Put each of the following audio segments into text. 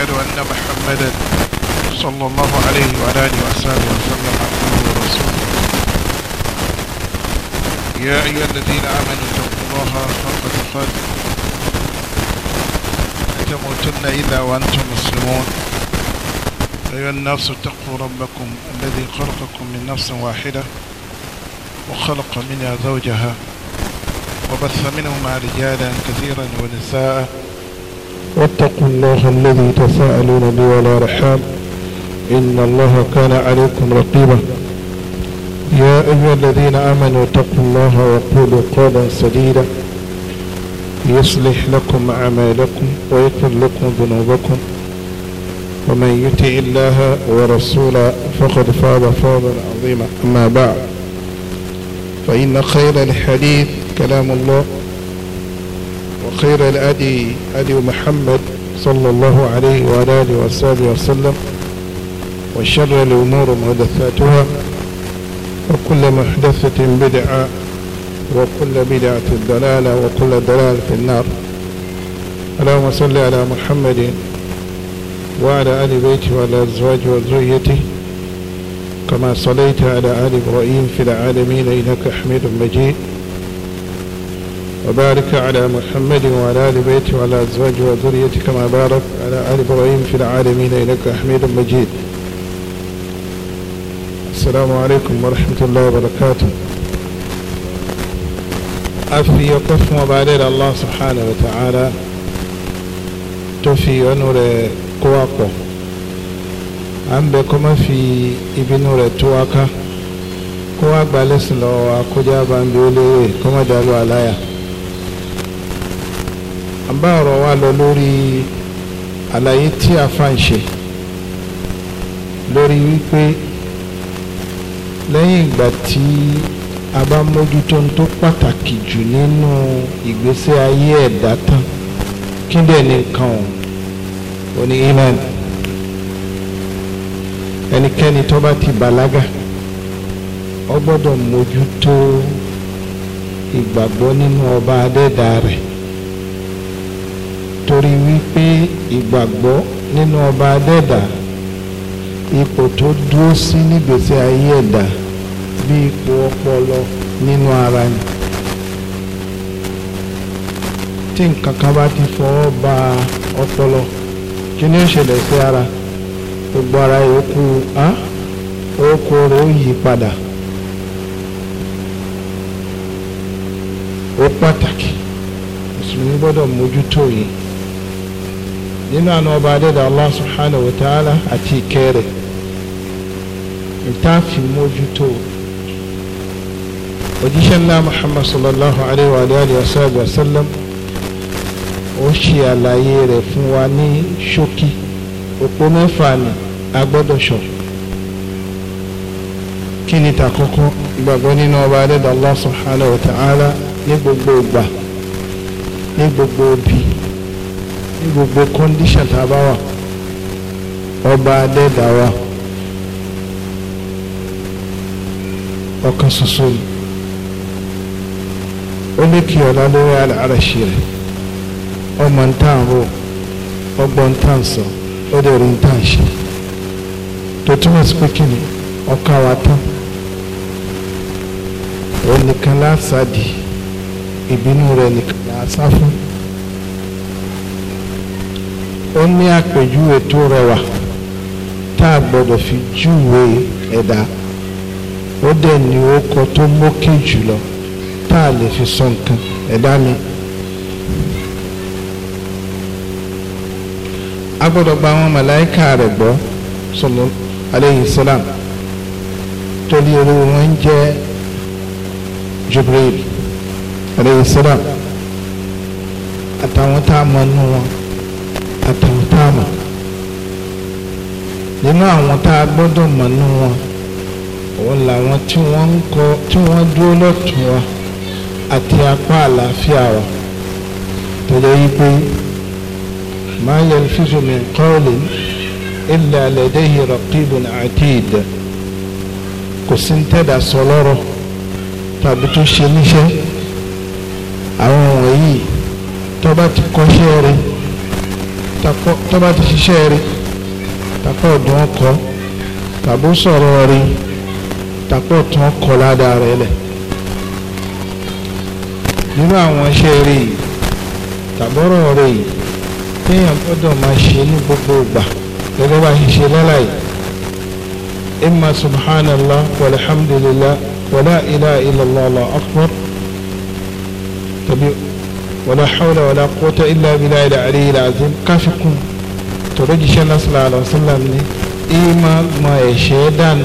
وأشهد أن محمدا صلى الله عليه وعلى آله وصحبه وسلم عبده ورسوله يا أيها الذين آمنوا اتقوا الله حق تقاته تموتن إلا وأنتم مسلمون أيها الناس اتقوا ربكم الذي خلقكم من نفس واحدة وخلق منها زوجها وبث منهما رجالا كثيرا ونساء واتقوا الله الذي تساءلون به والارحام إن الله كان عليكم رقيبا يا أيها الذين آمنوا اتقوا الله وقولوا قولا سديدا يصلح لكم أعمالكم ويغفر لكم ذنوبكم ومن يطع الله ورسوله فقد فاز فوزا عظيما أما بعد فإن خير الحديث كلام الله خير الأدي أدي محمد صلى الله عليه وآله وصحبه وسلم وشر الأمور محدثاتها وكل محدثة بدعة وكل بدعة ضلالة وكل ضلال في النار اللهم صل على محمد وعلى آل بيته وعلى أزواجه وذريته كما صليت على آل إبراهيم في العالمين إنك حميد مجيد وبارك على محمد وعلى آل بيته وعلى أزواجه وذريته كما بارك على آل إبراهيم في العالمين إنك حميد مجيد السلام عليكم ورحمة الله وبركاته أفي يقف مبالير الله سبحانه وتعالى تفي ونور قواقو بكم في ابن نور تواكا قواق بالسلو وقجابا بيولي كما دالوا عليها a bá ọ̀rọ̀ wa lọ lórí àlàyé tí a fa ń ṣe lórí wípé lẹ́yìn ìgbà tí a bá mójútó ń tó pàtàkì jù nínú ìgbésí ayé ẹ̀dá tán kí dẹ̀ ní nǹkan ọ̀hún ní iman ẹnikẹ́ni tó bá ti bàlágà ó gbọ́dọ̀ mójútó ìgbàgbọ́ nínú ọba adẹ́dàá rẹ̀ nítorí wípé ìgbàgbọ́ nínú ọba adẹ́dà ipò tó dúró sí nígbèsè ayé ẹ̀dá bí ipò ọpọlọ nínú ara ni tí nǹkan kan bá ti fọwọ́ ba ọpọlọ kí ni ó ṣẹlẹ̀ sí ara gbogbo ara yòókù á oko rẹ̀ ó yí padà ó pàtàkì mùsùlùmí gbọ́dọ̀ mójútó yìí nínú àna ọba adẹ́dà Allah subhanahu wa ta'ala àti ìkẹrẹ ìta fi mójútó òjíṣẹ́ ńlá Muhammad sallallahu alayhi wa alayhi wa sallam ó ṣe àlàyé rẹ̀ fún wa ní ṣókí òpó mẹ́fà ni a gbọ́dọ̀ ṣọ́ kí ni tàkọ́kọ́ ìgbàgbọ́ nínú ọba adẹ́dà Allah subhanahu wa ta'ala ní gbogbo ìgbà ní gbogbo ibi ní gbogbo kọ́ndíṣàn tá a bá wà ọba adẹ́dá wa ọ̀kan ṣoṣo ni ó ní kí ọ̀la lórí àràṣì rẹ̀ ọmọ ń tàn rò ọgbọ́n ń tàn sọ ó dẹ̀ rí ń tàn ṣe tó túmọ̀ sí pé kí ni ọkàn wa tán òun nìkan láṣà di ìbínú rẹ̀ nìkan láṣà fún. ó ní àpèjúwe tó rẹwà tá a gbọ́dọ̀ fi júwe ẹ̀dá ó dẹ̀ ní orúkọ tó mókè jùlọ tá a lè fi sọ nǹkan ẹ̀dá mi. a gbọ́dọ̀ gba àwọn màláìka rẹ̀ gbọ́ sọlọ aleyhi salam torí orí wọn ń jẹ́ Jibril aleyhi salam àtàwọn tá a mọ̀ nù wọn. mọ̀ nínú àwọn tá a gbọ́dọ̀ mọ̀ nú wọn òun làwọn tí wọ́n ń kọ tí wọ́n dúró lọ́tún wa àti apá àlàáfíà wa tẹ̀lé yí pé máa yẹ fífi mi kọ́ọ̀lì illa ladayhi raqibun atid kò sí ń tẹ̀dá sọ lọ́rọ̀ tàbí tó ṣe níṣẹ́ àwọn wọ̀nyí tó ti kọ́ṣẹ́ rẹ̀ takọ tó bá ti ṣiṣẹ́ rí takọ ọ̀dùn ọkọ tàbó sọ̀rọ̀ rí takọ tún ọkọ ládàá rẹ lẹ̀ nínú àwọn iṣẹ́ rí tàbọ̀rọ̀ rí téèyàn gbọ́dọ̀ máa ṣe ní gbogbo ìgbà gẹ́gẹ́ bá ṣe ṣe lọ́láì imma subhanallah walhamdulillah wala ilaha illallah akbar tàbí wàlá hawla wàlá quwwata illa billahi al-aliyyil azim káfíkún tòró jíṣẹ́ náà sallallahu alaihi wasallam ní ìmọ̀ mọ ẹ̀ṣẹ̀ dànù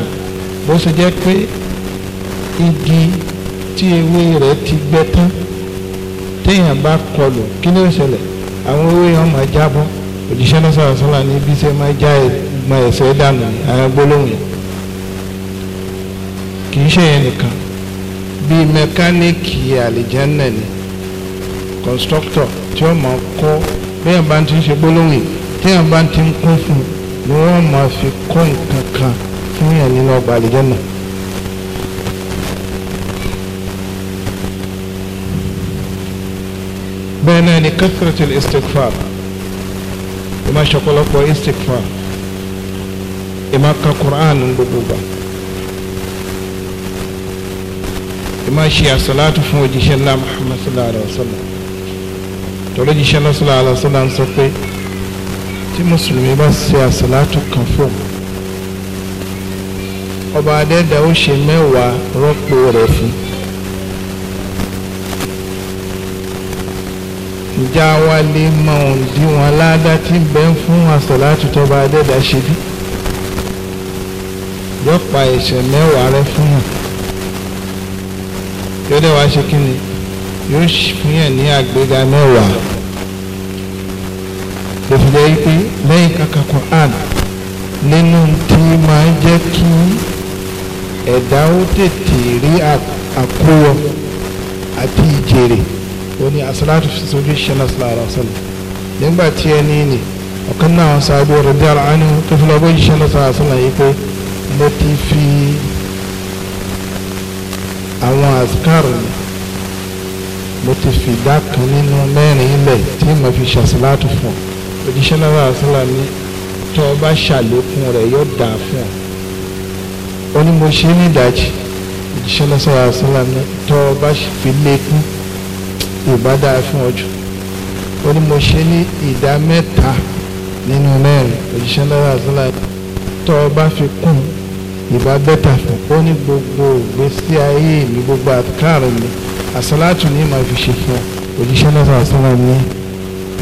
bó ṣe jẹ́ pé igi tí ewé rẹ̀ ti gbẹ tán téèyàn bá kọlù kí ló ṣẹlẹ̀ àwọn ewé yẹn máa jábọ́ òjíṣẹ́ náà sallallahu alaihi wasallam ní bí ṣe máa já mọ ẹ̀ṣẹ̀ dànù ní àwọn gbólóhùn yẹn kì í ṣe yẹn nìkan bíi mẹkáníìkì àlìjẹ́nà ni constructor tí wọ́n máa kọ́ bẹ́ẹ̀ bá ti ń ṣe gbólóhùn tí wọ́n bá ti ń kún fún ni wọ́n máa fi kọ́ nǹkan kan fún yàn nínú ọgbà àlejò náà. bẹ́ẹ̀ náà ni kathratul istighfar ìmọ̀ ṣọ̀pọ̀lọpọ̀ istighfar ìmọ̀ ka Qur'an gbogbo gbà ìmọ̀ ṣe àṣàlátù fún òjíṣẹ́ ńlá Muhammad sallallahu alayhi wa sallam torí jíṣẹ́ lọ́sọ̀lá alásọ́lá ń sọ pé tí mùsùlùmí bá ṣe àsàlátù kan fún ọba adẹ́dà ó ṣe mẹ́wàá rọ́pò rẹ̀ fún ìjà wa lè mọ òǹdíwọ̀n aládá tí ń bẹ fún àsàlátù tọba adẹ́dà ṣe bí yọ̀pá ẹ̀ṣẹ̀ mẹ́wàá rẹ fún yàn yọ́dẹ̀ wá ṣe kí ni yóò fún yàn ní àgbéga mẹ́wàá ló fi jẹ́ pé lẹ́yìn kàkà Quran nínú tí máa ń jẹ́ kí ẹ̀dá ó tètè rí àkóyọ àti ìjèrè ó ní asalaatu fi sojú ṣẹlẹ̀ sàlàrà sàlẹ̀ nígbà tí ẹni nì ọ̀kan náà sáájú ọ̀rọ̀ bí ara ẹni tó fi lọ́gbọ́n ṣẹlẹ̀ sàlàrà sàlẹ̀ yìí pé mo ti fi àwọn àsìkárù ni ti fìdá kan nínú mẹ́rin ilẹ̀ tí mo fi ṣàṣìláàtù fún ọ òjíṣẹ́ náà ràṣọ́là ní tó o bá ṣàlékún rẹ̀ yóò dà fún ọ ó ní mo ṣe é ní ìdajì òjíṣẹ́ náà sọ̀rọ̀ àṣọ́là ní tó o bá fi lékún ìbá fún ọ jù ó ní mo ṣe é ní ìdá mẹ́ta nínú mẹ́rin òjíṣẹ́ náà ràṣọ́là ní tó o bá fi kún ìbá bẹ́tà fún ó ní gbogbo ìgbésí ayé mi gbogbo àtikáàrọ̀ mi àsọlátù ní ìmọ̀ fi ṣe fún òjíṣẹ́ náà sàásánà ní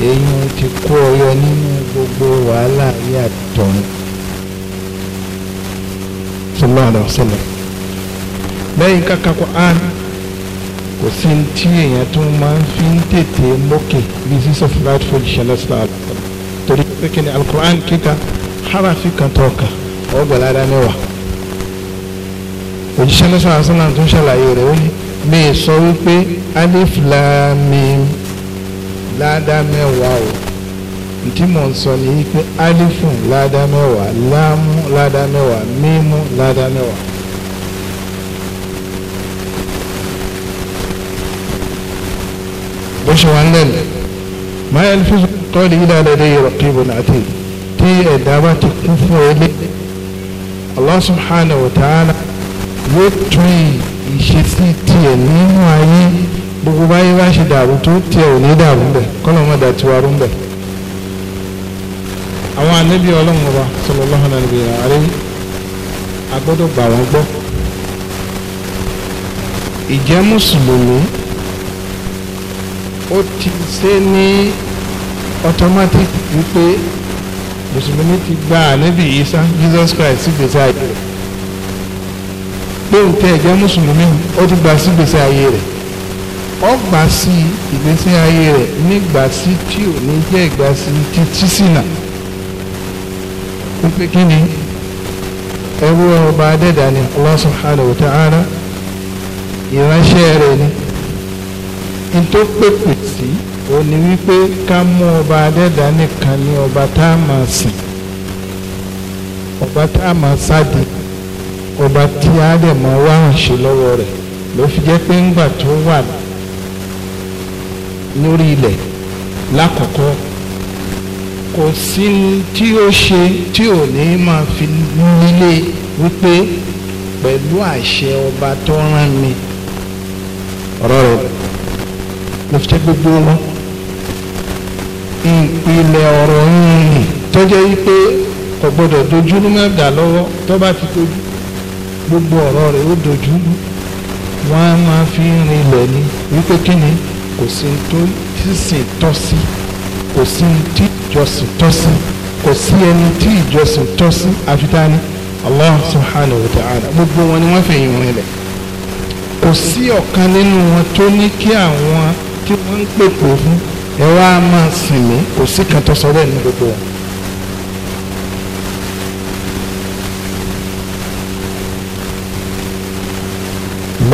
èyí ti kó ọyọ nínú gbogbo wàhálà ayé àtọ̀run sallallahu alaihi wasallam lẹ́yìn káka Qur'an kò sí tí èèyàn tó máa ń fi ń tètè mókè bí sísọ fúláàtì fún òjíṣẹ́ náà sàásánà torí pé kí ni alukur'an kíkà harafi kan tó kà ọgbàládá mẹ́wàá òjíṣẹ́ náà sàásánà tó ń ṣàlàyé rẹ̀ ó ní mi sọ wípé alif lam mim ládá mẹ́wàá o ntí mò ń sọ ni wípé alifun ládá mẹ́wàá láàmú ládá mẹ́wàá mímú ládá mẹ́wàá. bó ṣe wà ń lẹ́nu máa yẹ fi kọ́ọ̀lì yìí dáadáa dé raqibun atid tí ẹ̀dá bá ti kún fún ẹ lé Allah subhanahu wa ta'ala yóò tún yìí ìṣesí tiẹ̀ nínú ayé gbogbo báyé bá ṣe dàrú tó tiẹ̀ ò ní dàrú bẹ̀ kọ́lọ́mọdà tiwa rú bẹ̀. àwọn ànábì ọlọ́run ọba sallallahu alaihi wa sallam a gbọ́dọ̀ gbà wọ́n gbọ́. ìjẹ́ mùsùlùmí ó ti ṣe ní automatic wípé mùsùlùmí ti gba ànábì Isa Jesus Christ sí gbèsè àjẹ́ pé nǹkan ẹ̀jẹ̀ mùsùlùmí ó ti gbà sí gbèsè ayé rẹ̀ ó gbà sí ìgbésí ayé rẹ̀ nígbà sí tí ò ní jẹ́ ìgbà sí títí sínà wípé kí ni ẹrú ọba adẹ́dà ni Allah subhanahu wa ta'ala ìránṣẹ́ rẹ̀ ni tó pèpè sí ó ní wípé ká mú ọba adẹ́dà nìkan ní ọba tá a máa sìn ọba tá a máa sáde ọba tí ádámù wá àṣẹ lọ́wọ́ rẹ̀ ló fi jẹ́ pé ńgbà tó wà lórí ilẹ̀ lákọ̀ọ́kọ́ kò sí tí ó ṣe tí ò ní máa fi nílé wípé pẹ̀lú àṣẹ ọba tó rán mi ọ̀rọ̀ rẹ̀ ló fi jẹ́ gbogbo wọn ìpìlẹ̀ ọ̀rọ̀ yìí tó jẹ́ wípé kò gbọ́dọ̀ dojú ní mẹ́ta lọ́wọ́ tó bá ti dojú gbogbo ọ̀rọ̀ rẹ̀ ó dojú wọ́n á máa fi rinlẹ̀ ni wípé kí ni kò sí tó sísìn tọ́ sí kò sí tí ìjọsìn tọ́ sí kò sí ẹni tí ìjọsìn tọ́ sí àfitáni Allah subhanahu wa ta'ala gbogbo wọn ni wọ́n fẹ̀yìn rinlẹ̀ kò sí ọ̀kan nínú wọn tó ní kí àwọn tí wọ́n ń pèpò fún ẹ wá máa sìn mí kò sí kan tó sọ bẹ́ẹ̀ ní gbogbo wọn.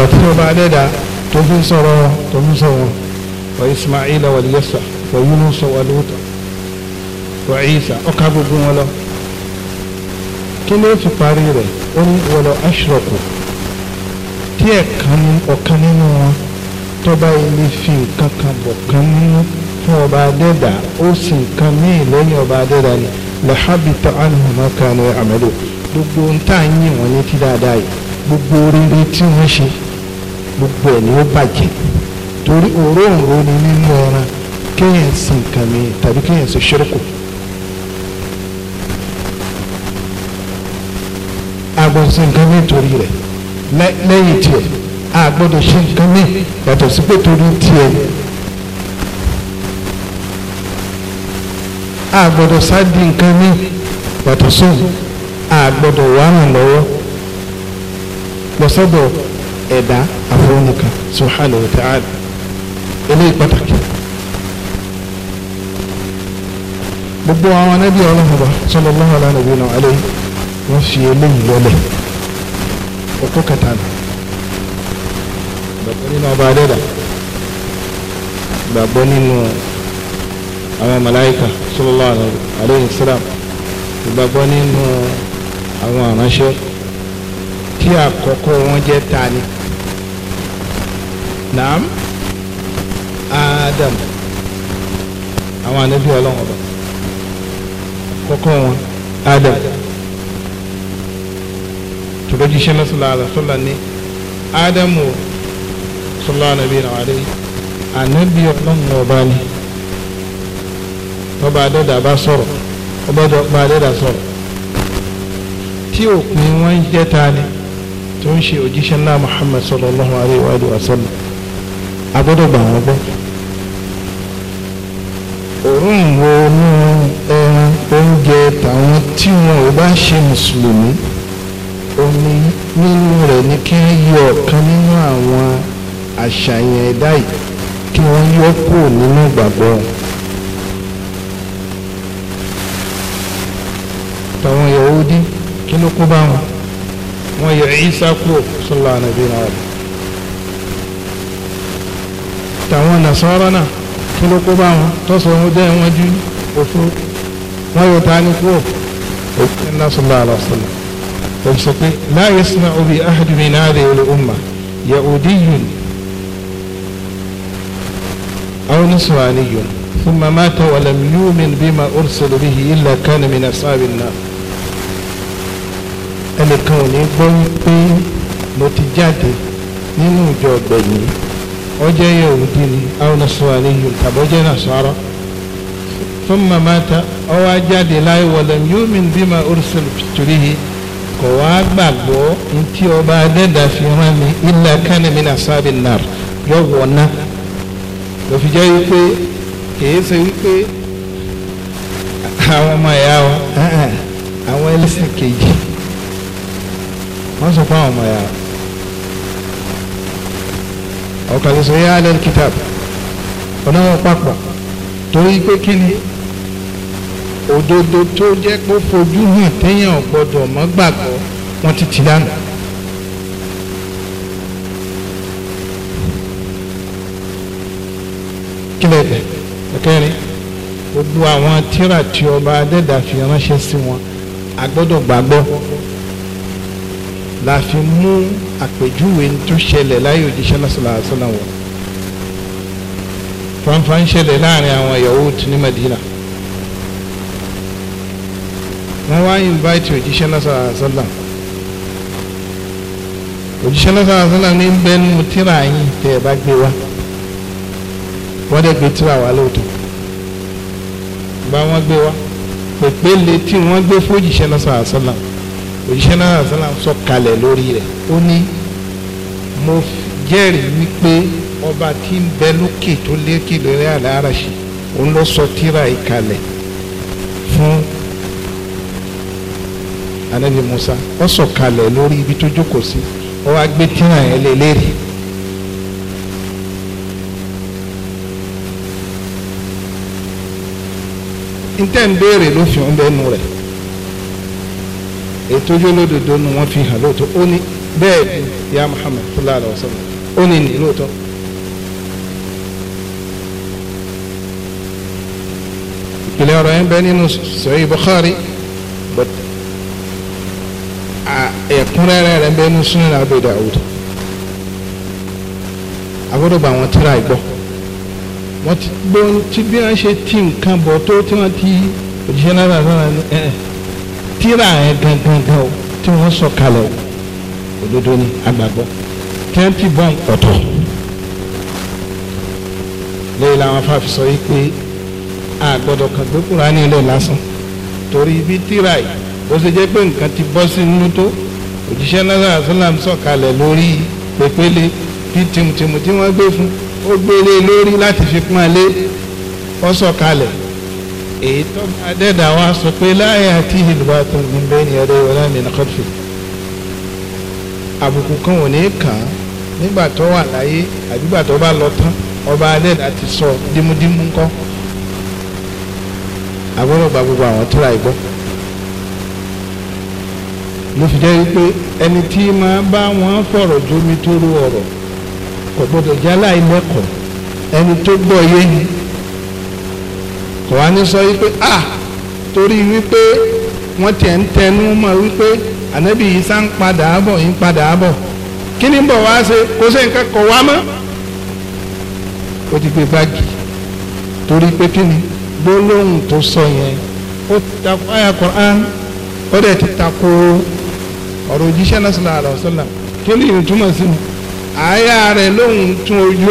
ìgbà tí ọba adẹ́dà tó fi sọ̀rọ̀ tó fi sọ̀rọ̀ wa ismaila wa yasa wa yunus wa luta wa isa ọkà gbogbo wọn lọ kí ló fi parí rẹ̀ ó ní wọlọ aṣọkù tí ẹ̀kan ọ̀kan nínú wọn tọ́ba ilé fi nǹkan kan bọ̀ kan nínú fún ọba adẹ́dà ó sì nǹkan míì lẹ́yìn ọba adẹ́dà ni lọ́hábìtọ́ àlùmọ́kànú àmẹ́lò gbogbo ń tà ń yìn wọ́n létí dáadáa yìí gbogbo oríire tí wọ́n ṣe gbogbo ẹ̀ ni ó bàjẹ́ torí òróǹro ni nínú ọ̀ràn kéèyàn sí nǹkan mi tàbí kéèyàn sí ṣírùkù. àgbọ̀n sí nǹkan mi torí rẹ̀ lẹ́yìn tiẹ̀ àgbọ̀dọ̀ ṣe nǹkan mi yàtọ̀ sí pé torí tiẹ̀ àgbọ̀dọ̀ sá di nǹkan mi yàtọ̀ sóhun àgbọ̀dọ̀ wàràn lọ́wọ́ lọ́sọ̀dọ̀ ẹ̀dá. E àfọwọ́nìkan subhanahu wa ta'ala eléyìí pàtàkì gbogbo àwọn anábì ọlọ́run ọba sallallahu ala nabiyina alayhi wọ́n fi eléyìí lọ́lẹ̀ ọkọ̀ kẹta nù gbàgbọ́ nínú ọba adẹ́dà gbàgbọ́ nínú àwọn màláíkà sallallahu alayhi wa sallam nínú àwọn àránṣẹ́ tí àkọ́kọ́ wọn jẹ́ tani naam adam àwọn ànábì ọlọ́wọ́n ọba kọ́kọ́ wọn adam tòlójíṣẹ́ náà sọlá àlàsọ́lá ní adam o sọlá ànábì náà rẹ̀ ànábì ọlọ́wọ́n ọba ni ọba adẹ́dà bá sọ̀rọ̀ ọba adẹ́dà sọ̀rọ̀ tí òpin wọn jẹ́ ta ni tó ń ṣe òjíṣẹ́ náà muhammad sallallahu alayhi wa sallam a gbọ́dọ̀ gbà wọ́n gbọ́. òórùn wọnú ẹran oúnjẹ tàwọn tí wọn ò bá ṣe mùsùlùmí omi nínú rẹ̀ ni kí wọ́n yọ ọ̀kan nínú àwọn àṣàyàn ẹ̀dá yìí kí wọ́n yọ kúrò nínú ìgbàgbọ́ wọn. tàwọn Yahudi kí ló kó bá wọn wọ́n yọ Ìsá kúrò sallallahu alaihi wa àtàwọn nàṣọ́rọ́ náà kí ló kó bá wọn tọ́sọ̀ wọn dẹ́ wọn ju òfin wọn yóò ta ní kúrò òfin náà sọlá àlọ́sọlá ó sọ pé láyé sinmi obi ahadumi náà rè ló ọmọ yahudi yun àwọn oníṣòwàní yun ثم مات ولم يؤمن بما أرسل به إلا كان من أصحاب النار ẹnìkan ò ní gbọ́ pé mo ti jáde nínú ìjọ ọ̀gbẹ̀yìn ọjẹ́ yahudi ni àwọn nasarani yìí tàbọ̀jẹ́ nasara thumma mata ọwọ́ ajáde láì walam yu'min bima ursil fìtúrìhì kò wá gbàgbọ́ ntí ọba adẹ́dà fi hàn mí illa kana min asabi nar yọ wọ̀ ná lọ́fi jẹ́ wípé kìí ṣe wípé àwọn ọmọ ẹ̀yà wa àwọn ẹlẹ́sìn kejì wọ́n sọ fún àwọn ọmọ ẹ̀yà wa ọ̀kàlẹ̀ sọ yá alẹ́ kìtàb ọ̀nà wọn papọ̀ torí pé kí ni òdodo tó jẹ́ pé fojú hàn téèyàn gbọ́dọ̀ mọ́ gbàgbọ́ wọn ti ti dànù. kílẹ̀ bẹ̀ ẹ̀kẹ́rin gbogbo àwọn tírà tí ọba adẹ́dàfi ránṣẹ́ sí wọn a gbàgbọ́ la fi mú àpèjúwe tó ṣẹlẹ̀ láyé òjíṣẹ́ lọ́sọ̀lá àṣọlá wọn fanfa ṣẹlẹ̀ láàrin àwọn Yahudi ní Madina wọ́n wá invite òjíṣẹ́ lọ́sọ̀lá àṣọlá òjíṣẹ́ lọ́sọ̀lá àṣọlá ní bẹ́ẹ̀ ní mo tíra yín tẹ́ ẹ bá gbé wá wọ́n dẹ̀ gbé tíra wá lóòótọ́ gba wọ́n gbé wá pèpè le tí wọ́n gbé fójìṣẹ́ lọ́sọ̀lá àṣọlá òjíṣẹ́ náà sọ́nà sọ kalẹ̀ lórí rẹ̀ ó ní mo jẹ́rìí wípé ọba tí ń bẹ lókè tó lékè lórí àlàáràṣì òun ló sọ tírà ìkalẹ̀ fún anabi Musa ó sọ kalẹ̀ lórí ibi tó jókòó sí ó wá gbé tírà yẹn lé lérí. ntẹ́ ń béèrè lófin ọ̀bẹ nu rẹ̀ ètò yólódodo ni wọ́n fi hàn lóòótọ́ ó ní bẹ́ẹ̀ ni ya Muhammad sallallahu alaihi ó ní ní lóòótọ́. ìpìlẹ̀ ọ̀rọ̀ yẹn bẹ nínú Sahih Bukhari but ẹ̀kúnrẹ́rẹ́ rẹ̀ bẹ nínú Sunan Abi Dawud agbọ́dọ̀ gba àwọn tíra ìgbọ́ wọ́n ti gbọ́ tí bí wọ́n ṣe ti nǹkan bọ̀ tó tí wọ́n ti òjíṣẹ́ náírà náírà ẹ̀ ẹ̀ tíra ẹ̀ gangan o tí wọ́n sọ kalẹ̀ o òdodo ni agbàgbọ́ twenty bond ọ̀tọ̀ lẹ́yìn làwọn afáfi sọ yìí pé a gbọ́dọ̀ kàn gbé kúránì lẹ̀ lásán torí ibi tíra yìí ó ṣe jẹ́ pé nǹkan ti bọ́ sí inú tó òjíṣẹ́ náírà sọ́làm sọ̀kalẹ̀ lórí pépélé bí tìmùtìmù tí wọ́n gbé fún ó gbélé lórí láti fi pọ́n lé ó sọ̀kalẹ̀ èyí tó adẹ́dà wa sọ pé láyé àti ìlúwa tó ní ni ẹ̀rọ ìwọlá mi nà kọ́tù àbùkù kan ò ní kàn án nígbà tó wà láyé àbígbà tó bá lọ tán ọba adẹ́dà ti sọ dímúdímú ńkọ́ àgbọ̀dọ̀ gba gbogbo àwọn tíra ìgbọ́ mo fi jẹ́ wípé ẹni tí máa bá wọn fọ̀rọ̀ jómi tó ru ọ̀rọ̀ kò gbọdọ̀ jálá ilé ẹ̀kọ́ ẹni tó gbọ́ yé ni. kò wá ní a torí wípé wọ́n tiẹ̀ ń tẹnu mọ́ wípé ànábì Ìsá ń padà bọ̀ ń padà bọ̀ kí ni bọ̀ wá ṣe kó wá ti gbé báàgì torí pé kí ni gbólóhùn tó sọ yẹn ó takò àyà ó dẹ̀ ti takò ọ̀rọ̀ òjíṣẹ́ náà sallallahu kí ni ìtumọ̀ sí mi àyà rẹ̀ lóhùn tún ojú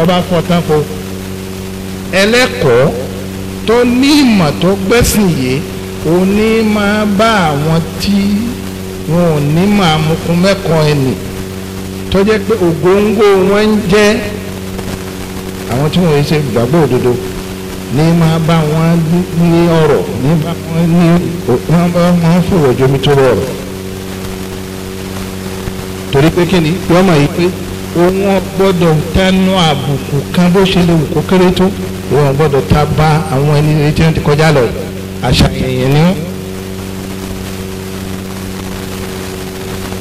ọba tán ẹlẹ́kọ̀ọ́ tó ní ìmọ̀ tó gbẹ́sìn yìí ma máa bá àwọn tí wọn ò ní máa mukun mẹ́kan ẹnì tó jẹ́ pé ògóńgó wọn ń jẹ́ àwọn tí wọn ṣe gbàgbọ́ òdodo ní máa bá wọn ní ọ̀rọ̀ ní bá wọn ni yìí pé. òun gbọ́dọ̀ tẹnu àbùkù kan bó ṣe lè wù kó kéré tó òun gbọ́dọ̀ ta bá àwọn ẹni tí wọ́n ti kọjá lọ àṣà èèyàn ni wọ́n.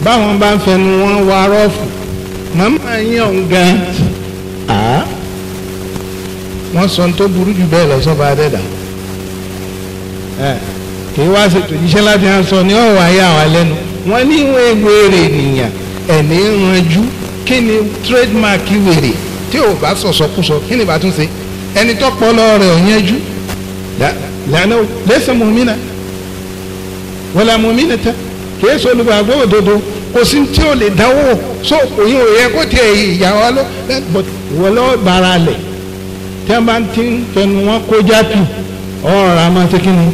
báwọn bá ń fẹnu wọn wá rọ́ọ̀fù màmá yín ọ̀hún gan wọ́n sọ tó burú jù bẹ́ẹ̀ lọ sọ́ba kì í wá ṣètò iṣẹ́ láti sọ ni ọ̀wọ́ ayé àwọn alẹ́nu wọ́n ní ìwọ̀n egbèrè nìyàn ẹ̀ ní ìrànjú kí ni trademark wèrè tí ò bá sọ̀sọ̀kúsọ kí ni bá tún ṣe ẹni tó pọlọ rẹ̀ ò yẹjú lànà lẹ́sẹ̀ mọ̀mínà wọlé mọ̀mínà tẹ kìí sọ olùgbàgbọ́ òdodo kò sí tí ò lè dánwò so òyìn òye kó tiẹ̀ ìyàwó lọ wọlé bàrà lẹ̀ tí wọ́n bá ti ń fẹnu wọn kó jápì ọ̀rọ̀ àmọ́ ti kí ni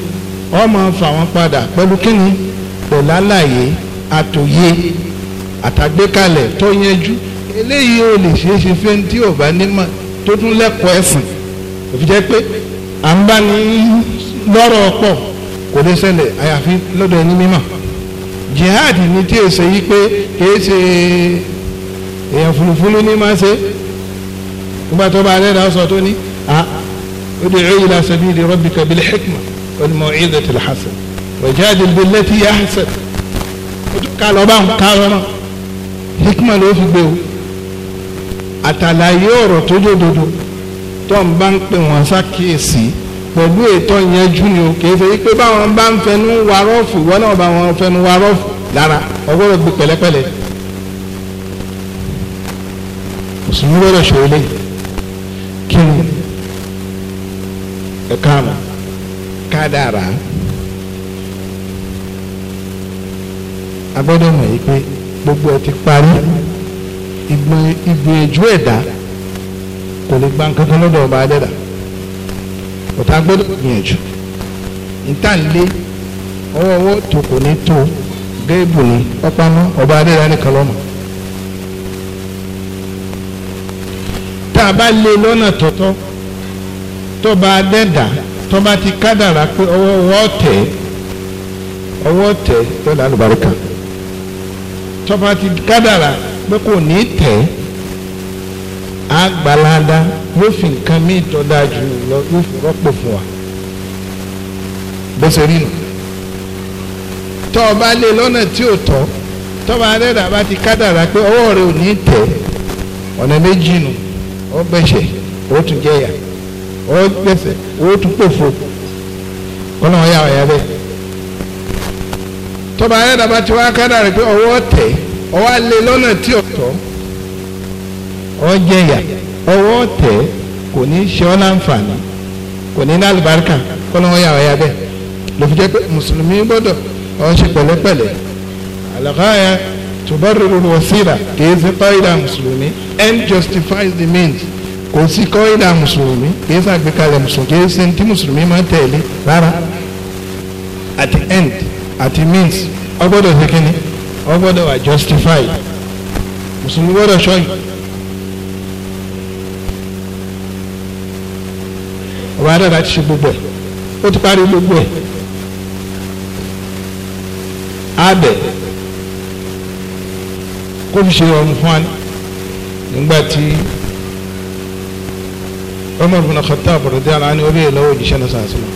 wọ́n fà wọ́n padà pẹ̀lú kí ni pẹ̀lú àlàyé àtòyé àtàgbékalẹ̀ tó yẹjú eléyìí ò lè ṣeé ṣe fẹ́ tí ò bá nímọ̀ tó tún lẹ́kọ̀ọ́ ẹ̀sìn òfin jẹ́ pé à ń bá ní lọ́rọ̀ pọ̀ kò lè ṣẹlẹ̀ àyàfi lọ́dọ̀ ẹni mímọ̀ jihad ni tí èsè yí pé kìí ṣe èèyàn fulufulu ní máa ṣe nígbà tó bá rẹ́ra sọ tó ní a ó di ila sabili rabbika bil hikma wal maw'izati al hasana wa jadil billati ahsan kálọ̀ bá kálọ̀ náà hikma ló fi gbé o àtàlàyé ọ̀rọ̀ tó dòdòdò tó ń bá ń pè wọ́n ṣàkíyèsí pẹ̀lú ètò yẹn jù ni o kì í ṣe wípé báwọn bá ń fẹnu wa rọ́ọ̀fù ìwọ náà bá wọn fẹnu wa rọ́ọ̀fù lára ọgbọ́dọ̀ gbé pẹ̀lẹ́pẹ̀lẹ́ mùsùlùmí gbọ́dọ̀ ṣòro lé kí ni ẹ̀ka àmọ́ kádàrá a mọ̀ yìí pé gbogbo ẹ ti parí ìgbìyànjú ẹ̀dá kò lè gba nǹkan kan lọ́dọ̀ ọba adẹ́dà ọ̀tá gbọ́dọ̀ gbìyànjú ìtànlé ọwọ́ ọwọ́ tó kò ní tó géèbù ní ọpamọ́ ọba adẹ́dà nìkan lọ́mọ. tá a bá lé lọ́nà tọ́tọ́ tọ́ba adẹ́dà tọ́ba ti kádàrá pé ọwọ́ ọwọ́ tẹ̀ ọwọ́ tẹ̀ yọ̀ọ́ lálùbáríkà tọ́ba ti kádàrà pé kò ní tẹ̀ àgbàládá yóò fi nǹkan mí tọ́da jù lọ yóò fi rọ́pò fún wa bó ṣe rí nù tọ́ba lé lọ́nà tí ò tọ́ tọ́ba rẹ́rà bá ti kádàrà pé ọwọ́ rẹ ò ní tẹ̀ ọ̀nà méjì nù ó gbẹ̀ṣẹ̀ ó tún jẹ̀yà ó gbẹ̀ṣẹ̀ ó tún pòfo kọ́nà ọ̀yà ọ̀yà bẹ́ẹ̀ tọba ayẹ́dá bá ti wá kádà rẹ̀ pé ọwọ́ tẹ̀ ọwọ́ alẹ́ lọ́nà tí ò tọ́ ọ jẹyà ọwọ́ tẹ̀ kò ní ṣe ọ́ láǹfààní kò ní ní àlùbáríkà kọ́lọ́wọ́ yà ọ́yà bẹ́ẹ̀ ló fi jẹ́ pé mùsùlùmí gbọ́dọ̀ ọ̀ ṣe pẹ̀lẹ́pẹ̀lẹ́ àlàkáyà tubarru wasila kì í ṣe kọ́ìdà mùsùlùmí end justifies the means kò sí kọ́ìdà mùsùlùmí kì í ṣe àgbékalẹ̀ mùsùlùmí kì í ṣe ti mùsùlùmí máa tẹ̀lé rárá at the end at the means ọ gbọ́dọ̀ ṣe kí ni ọ gbọ́dọ̀ wà justified mùsùlùmí gbọ́dọ̀ ṣọ́ yìí. ọba adára ti ṣe gbogbo ẹ̀ ó ti parí gbogbo ẹ̀ abẹ kó fi ṣe ọrùn fún wa nígbà tí Umar bin Khattab radiyallahu anhu ó bèèrè lọ́wọ́ òjíṣẹ́ náà sàásùmọ̀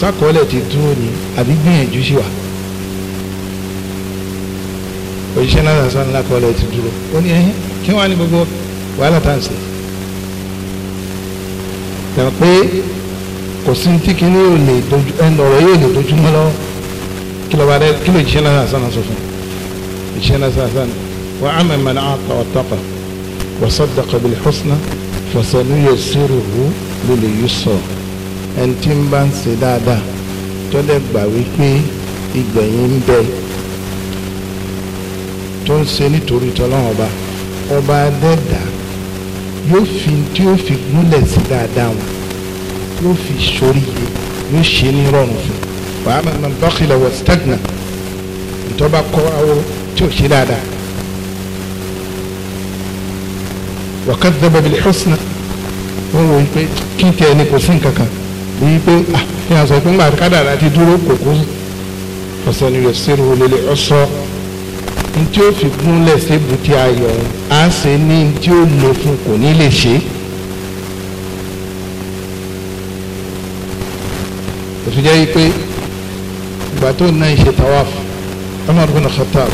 sákòólẹ̀ ti dúró ní àbí gbìyànjú sí wa òṣìṣẹ́ náà sọ ní lákọọ́lẹ̀ ti dúró ó ní ẹ̀hìn kí wọ́n á ní gbogbo wàhálà tá à ń ṣe. yàrá pé kò sí tí kìíní yóò lè dojú ẹnu ọ̀rọ̀ yóò lè dojú mọ́ lọ́wọ́ kí ló bá dé kí ló òṣìṣẹ́ náà sọ̀nà sọ fún òṣìṣẹ́ náà sọ̀nà sọ̀nà wà á mẹ́mẹ́ náà àtọ̀ ọ̀tọ̀kọ̀ wà sọ́dọ̀ kọ̀bìlì husna fọ̀sọ̀nù yóò sírò wù lórí yóò sọ ẹni tí ń bá ń ṣe dáadáa tọ́lẹ̀ gbà wípé ìgbẹ̀yìn ń bẹ́ẹ̀ tó ń ṣe nítorí tọ́lọ́wọ́n ọba ọba adẹ́dà yóò fi tí yóò fi gúnlẹ̀ sí dáadáa wọn yóò fi sórí yẹ yóò ṣe ní rọrùn fún wàá máa ma bọ́kìlà wọ stagna ìtọ́ba kọ́ awọ́rọ́ tí ò ṣe dáadáa wàkàtí dábàá bìlẹ̀ xọ́sìnà wọ́n wò wípé kí n ẹni kò sí nǹkan kan èyí pé ah fi hàn sọ pé ńgbà kádàrá ti dúró kòkó ọ̀sán ni yóò ṣe wọlé ọ̀sán ntí ó fi gúnlẹ̀ sébùtì ayọ̀ á ṣe ní ntí ó lò fún kò ní lè ṣe. òtún jẹ́ pé ìgbà tó ná ìṣe tawáfù Umar bin Khattab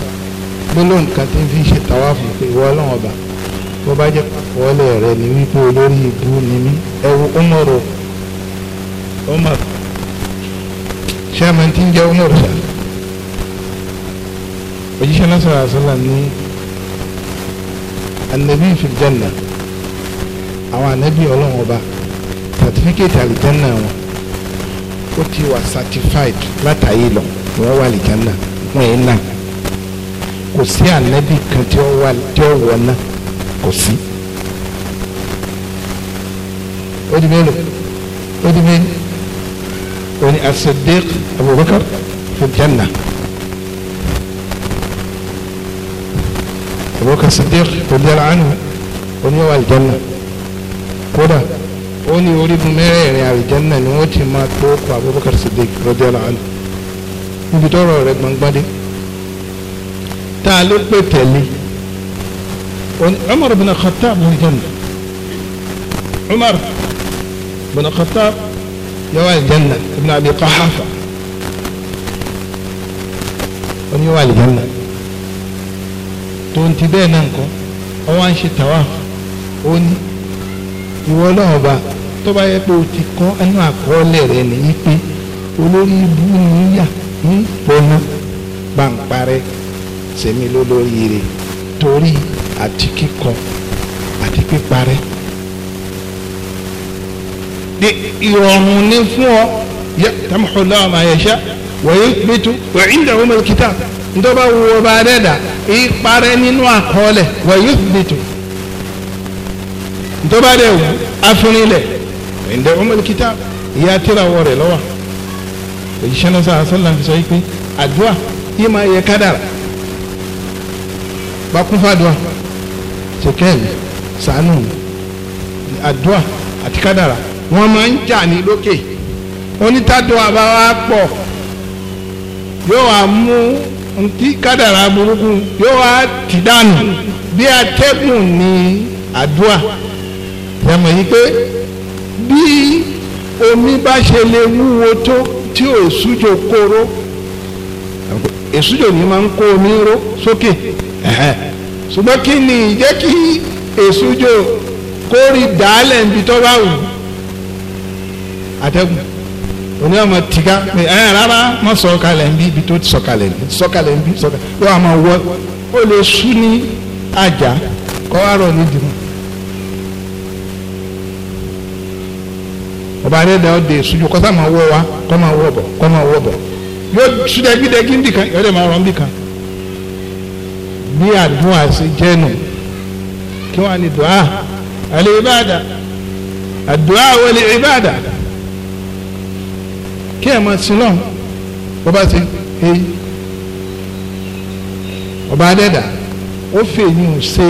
gbólóhùn kan tí ń fi ṣe tawáfù pé ìwọ ọlọ́run ọba bó bá jẹ́ pàkọ́ọ́lẹ̀ rẹ ni wípé olórí ìbú ni mí ẹ wo Umar Umar ṣé tí ń jẹ́ Umar ṣáà òjíṣẹ́ náà sọ̀rọ̀ àṣọlá ní anabi fìlìjánà àwọn anabi ọlọ́run ọba sàtífíkẹ́tì àlìjánà wọn ó ti wà certified látàyè lọ wọ́n wà àlìjánà wọ́n yẹn náà kò sí anabi kan tí ó wọ̀ náà kò sí. ó di mélòó ó di mélòó ó ní as Abubakar fìlìjánà. أبو بكر الصديق رضي الله عنه أني أول الجنة كودا أني أريد مرير على الجنة نوتي ما توقع أبو الصديق رضي الله عنه بدور رب من بعدي تعلق بتالي عمر بن الخطاب من الجنة عمر بن الخطاب يوال الجنة ابن أبي قحافة أني أول الجنة tó ń ti bẹ́ẹ̀ náà nǹkan wọ́n wá ń ṣe tawaf ó ní ìwọ náà bá tó bá yẹ pé o ti kọ́ ẹnu àkọọ́lẹ̀ rẹ nìyí pé olórí ibú níyà ń pọnà bá ń parẹ́ sẹ́mi lólórí rẹ̀ torí àti kíkọ àti píparẹ́. ìrọ̀rùn ni fún ọ yẹ tamhu Allahu ma yasha wa yuthbitu wa indahu al-kitab ntọ́ba wo ọba adẹ́dà ìparẹ́ nínú àkọọ́lẹ̀ wọ́n yóò fi bìtù ntọ́ba dẹ̀ wù afinilẹ̀ ẹ̀ndẹ̀ ọmọlùkítà ìyá tíra wọ̀ rẹ̀ lọ́wọ́ òjíṣẹ́ náà sáà sọ́lá fi sọ yìí pé àdúrà yìí máa yẹ kádàrà bákún fàdúrà sèkẹ́ẹ̀lì sànù àdúrà àti kádàrà wọ́n máa ń jà ní lókè onítàdùn àbáwá pọ̀ yóò wá mú ntí kádàrá burúkú yóò wá ti dànù bí atẹ́gùn ní àdúà yàmọ̀ yìí pé bí omi bá ṣe lè wúwo tó tí ò sújò kóró èsújò ní máa ń kó omi ró sókè ṣùgbọ́n kí ni ìjẹ́ kí èsújò kórì dàálẹ̀ níbi tó atẹ́gùn òní ọmọ tìga ẹ rárá má sọ̀kalẹ̀ nbí ibi tó sọ̀kalẹ̀ nbí sọ̀kalẹ̀ nbí sọ̀kalẹ̀ yóò àmọ́ wọ ó lè sú ní àjà kọ́ àrọ̀ nídìí mu. ọba rẹ da ọdẹ sojú kọsá máa wọ wa kọ máa wọ bọ kọ máa wọ bọ yóò su dẹgídẹgí nìkan yóò dẹ máa rọ nìkan bí àdúrà sí jẹnu kí wọn ni dùá àlè ìbáàdà àdúrà wọlé ìbáàdà kí ẹ̀ máa sin lọ́hùn bọ́bá ti hey ọba adẹ́dà ó fèyí ò ṣe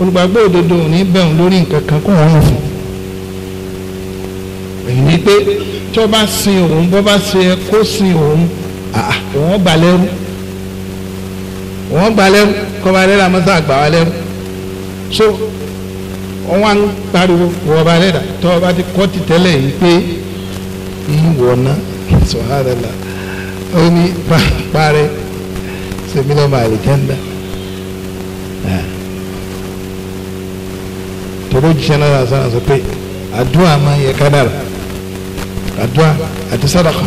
olùgbàgbọ́ òdodo ò ní bẹ̀rùn lórí nǹkan kan kó wọ́n fún èyí ni pé tí wọ́n bá sin òun bọ́ bá ṣe ẹ kó sin òun òun gbà lẹ́rú òun gbà lẹ́rú kọ́ba adẹ́dà mọ́tà gbà wá lẹ́rú so wọ́n wá ń pariwo wọ́n ọba adẹ́dà tọ́ ọba ti kọ́ ti tẹ́lẹ̀ yìí pé ń wọ̀nà sọ̀hánàlá ó ní parẹ́ sẹ́mílọ́mọ àlìjẹ́ndà tòró jíṣẹ́ náà sára sọ pé àdúrà máa ń yẹ kádàrà àdúrà àti sàdákà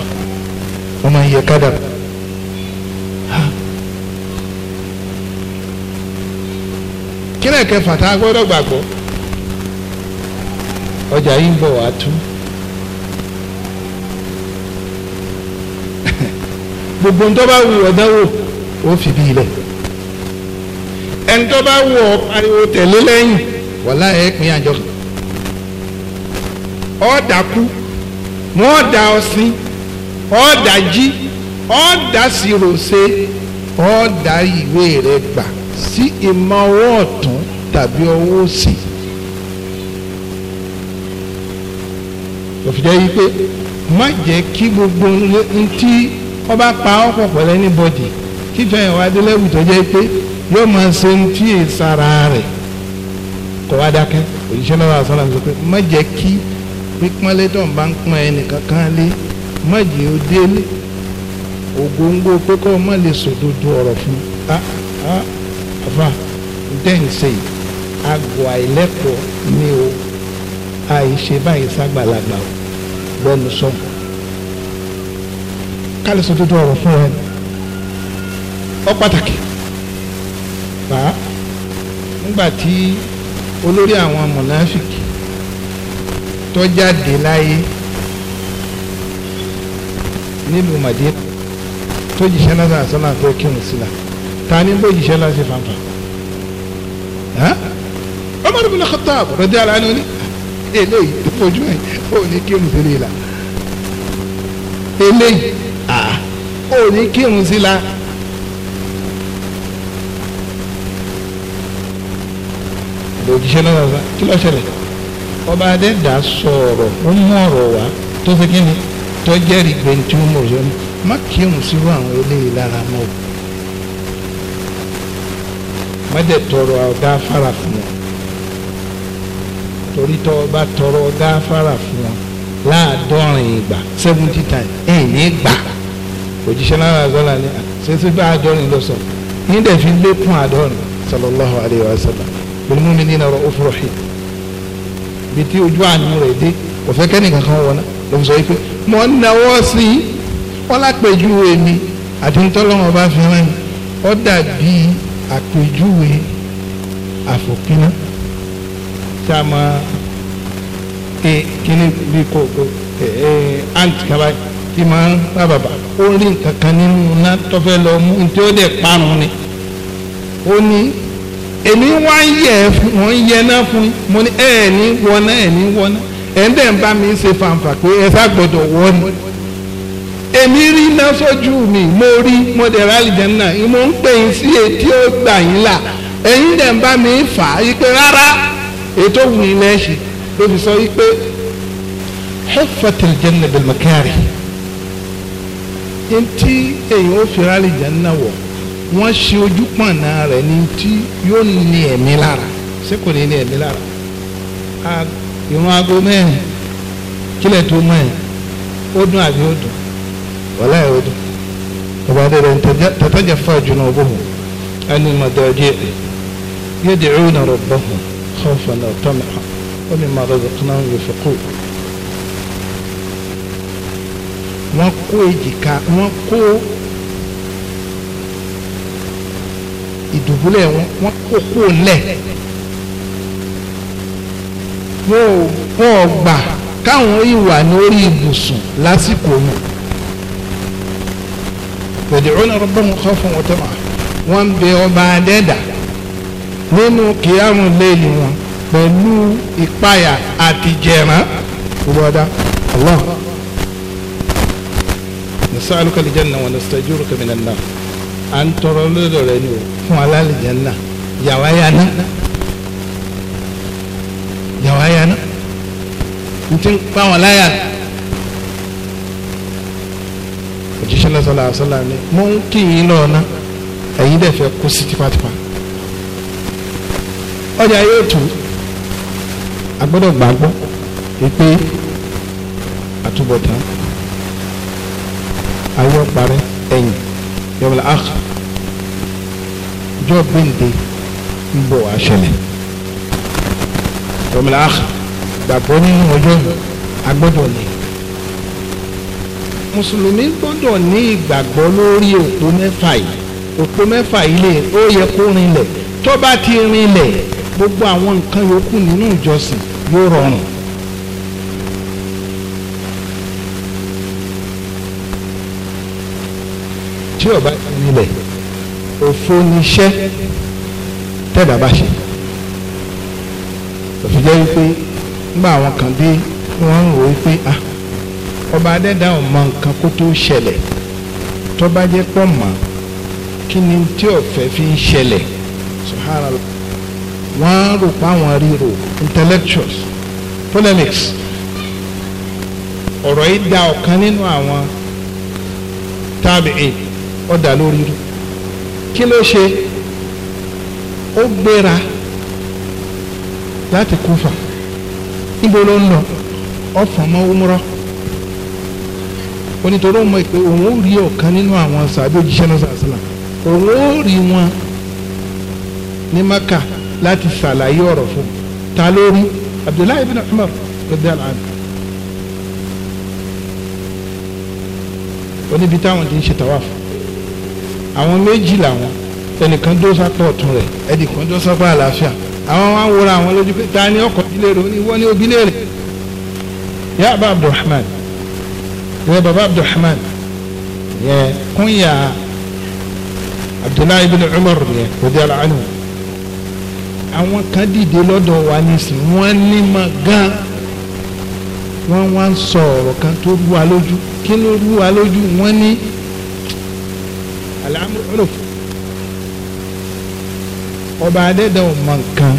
wọ́n máa ń yẹ kádàrà. kílẹ̀ kẹfà tá a gbọ́dọ̀ gbàgbọ́ ọjà yìí ń bọ̀ wá tún. gbogbo ń tọ́ba wù ọ́ dánwò ó fi bí ilẹ̀ ẹni tọ́ba wù ọ́ pariwo tẹ̀lé lẹ́yìn wàhálà ẹ̀ pín àjọ ọ́ dàkú wọ́n dà da sí ọ́ da jí ọ́ da sírò ṣe ọ́ dà ìwé rẹ gbà sí ìmọ̀ ọwọ́ ọ̀tún tàbí ọwọ́ òsì. òfìdá yìí pé má jẹ́ kí gbogbo ntí ọba pa ọ̀pọ̀ pẹ̀lú anybody kífẹ́ yẹn wá délé wù tó jẹ́ pé yóò máa ṣe ń tí ì sara rẹ̀ kó wá dákẹ́ òjíṣẹ́ náà wà sọ́nà sọ pé má jẹ́ kí pípọ́nlé tó ń bá ń pọ́n ẹnì kankan lé má jẹ́ ó délé ògóńgó pé kó má lè sòdodo ọ̀rọ̀ fún a a àfa dẹ́ǹsẹ̀ àgọ́ àìlẹ́kọ̀ọ́ ni o àìṣe báyìí ságbàlagbà o lọ́nu sọ́mù ká lè sọ tó tó ọ̀rọ̀ fún ẹ ọ pàtàkì bá nígbà tí olórí àwọn mọ̀nàfíkì tó jáde láyé nílùú Madina tó jìṣẹ́ náà sàn sọ́nà tó kírun sílá ta ni bó jìṣẹ́ náà ṣe fanfa Umar ibn Khattab radiyallahu anhu ni eléyìí fojú ẹ̀ ò ní kírun sílé la eléyìí ò ní kírun sí la. òjíṣẹ́ náà wà kí ló ṣẹlẹ̀ ọba adẹ́dà sọ̀rọ̀ ó mú ọ̀rọ̀ wá tó fi kí ni tó jẹ́rìí pé tí ó mọ̀ ṣe má kírun sírú àwọn eléyìí lára mọ́ o má dẹ̀ tọrọ ọ̀gá afárá fún wọn torí tọ́ ọba tọrọ ọ̀gá afárá fún wọn láàdọ́rin ìgbà seventy times ẹ̀ ní òjíṣẹ́ náà àzọ́là ni ṣẹ́sí bá àádọ́rin lọ sọ yín dẹ̀ fi lékún àádọ́rin sallallahu alayhi wa sallam bil mu'minina ra'ufur rahim bí tí ojú àánú rẹ̀ dé òfẹ́ kẹ́nìkan kan wọ̀ náà ló sọ pé mo ń nawọ́ sí i wọ́n lápèjúwe mi àti ntọ́lọ́wọ́n bá fi rán mi ó dàbí àpèjúwe àfòpiná tí a máa kíní bí kò ant kaba yìí ti máa ń sábàbà ó rí nǹkan kan nínú iná tó fẹ́ lọ mú tí ó dẹ̀ parun ni ó ní èmi wá ń yẹ wọ́n ń yẹ náà fún mo ní ẹ ní wọná ẹ ní wọná ẹ ń dẹ̀ ń bá mi ṣe fàǹfà pé ẹ sá gbọ́dọ̀ wọ èmi rí iná sójú mi mo rí mo dẹ̀ rálì jẹ́ náà mo ń pè yín sí etí ó gbà yín là ẹ̀yin dẹ̀ ń bá mi fà á yí rárá ètò òun ilẹ̀ ṣe ló fi sọ yí pé hẹ́fẹ̀tẹ̀lì jẹ́ nàbẹ̀lẹ̀ mọ̀kẹ́rì ntí èyí ó fi rálì jẹ́nà wọ̀ wọ́n ṣe ojú pọ̀nà rẹ̀ ní ntí yóò ní ẹ̀mí lára ṣé kò ní ní ẹ̀mí lára ìrún aago mẹ́rin kílẹ̀ tó mẹ́rin ó dùn àbí ó dùn wọ́lá ẹ̀ ó dùn ọba dẹ̀rẹ̀ tẹ̀tẹ̀jẹ̀ fàájú náà bò wọ́n ẹni mọ̀dọ̀ ẹ̀ yóò dẹ̀ ẹ̀ ó nà rọ̀ bọ̀ wọ́n kọ́ fọ̀nà ọ̀tọ́ mẹ́rin ó ní mọ̀dọ̀ wọ́n kó èjìká wọ́n kó ìdùbúlẹ̀ wọ́n kó kó lẹ̀ wọ́n ò gbà káwọn ìwà ní orí ibùsùn lásìkò mu yad'una rabbahum khawfan wa tama'an wọ́n ń bẹ ọba adẹ́dà nínú kìámù léèlì wọn pẹ̀lú ìpayà àtijẹ̀rán. Allah. Allah nas'aluka aljanna wa nastajiruka minan nar à ń tọrọ lọ́dọ̀ rẹ ni o fún alálìjẹ́nà yàwá yaná yàwá yaná n ti pa wọn láyà òjíṣẹ́ náà sọlá àṣọlá ni mo ń kí yín lọ́ọ̀nà ẹ̀yin dẹ̀ fẹ́ kú sí tipátipá ọjà yóò tù ayọ́ parẹ́ ẹ̀yìn yọ̀bọ̀lá àkà jọ́ gbẹ̀ǹde ń bọ̀ wá ṣẹlẹ̀ yọ̀bọ̀lá àkà gbàgbọ́ nínú ọjọ́ agbọ́dọ̀ ni mùsùlùmí gbọ́dọ̀ ní ìgbàgbọ́ lórí òpó mẹ́fà yìí òpó mẹ́fà yìí lè ó yẹ kó rinlẹ̀ tó bá ti rinlẹ̀ gbogbo àwọn nǹkan yòókù nínú ìjọsìn yóò rọrùn. tí ọba nílẹ̀ òfo níṣẹ́ tẹ́lá bá ṣe òfin jẹ́ wípé nígbà àwọn kan dé wọ́n ń wò wípé ah ọba adẹ́dá ò mọ nǹkan kó tó ṣẹlẹ̀ tó bá jẹ́ pọ̀ mọ́ kí ni tí ọ̀fẹ́ fi ń ṣẹlẹ̀ subhanallah wọ́n rò pa àwọn ríro intellectuals polemics ọ̀rọ̀ yìí da ọ̀kan nínú àwọn tábìlì ọ̀dà lórí rú kí ló ṣe ó gbéra láti kúfà níbo ló ń lọ ọ̀fọ̀n mọ́ umrọ́ onítorí ọmọ ìpè òun ó rí ọ̀kan nínú àwọn sàbẹ̀ òjíṣẹ́ náà sàṣàlà òun ó rí wọn ní maka láti ṣàlàyé ọ̀rọ̀ fún ta ló rí abdullahi bin umar rẹ̀dẹ̀ aláàbí. oníbi táwọn ti ń ṣe tawáfù àwọn méjì làwọn ẹnìkan dó sápọ̀ ọ̀tún rẹ̀ ẹnìkan dó sápọ̀ àlàáfíà àwọn wa ń wọra àwọn lójú pé ta ni ọkọ̀ ìdílé rẹ̀ oníwọ́ ní obìlẹ̀ rẹ̀ yá bàbá Abdulrahman yẹ bàbá Abdulrahman yẹ kúnyà Abdullahi bin Umar yẹ radiyallahu anhu àwọn kan dìde lọ́dọ̀ wa nísìn wọ́n ní ma gan wọ́n wá ń sọ ọ̀rọ̀ kan tó rú wa lójú kí ló rú wa lójú wọ́n ní amúlò ọba adẹ́dẹ́ ọmọ nǹkan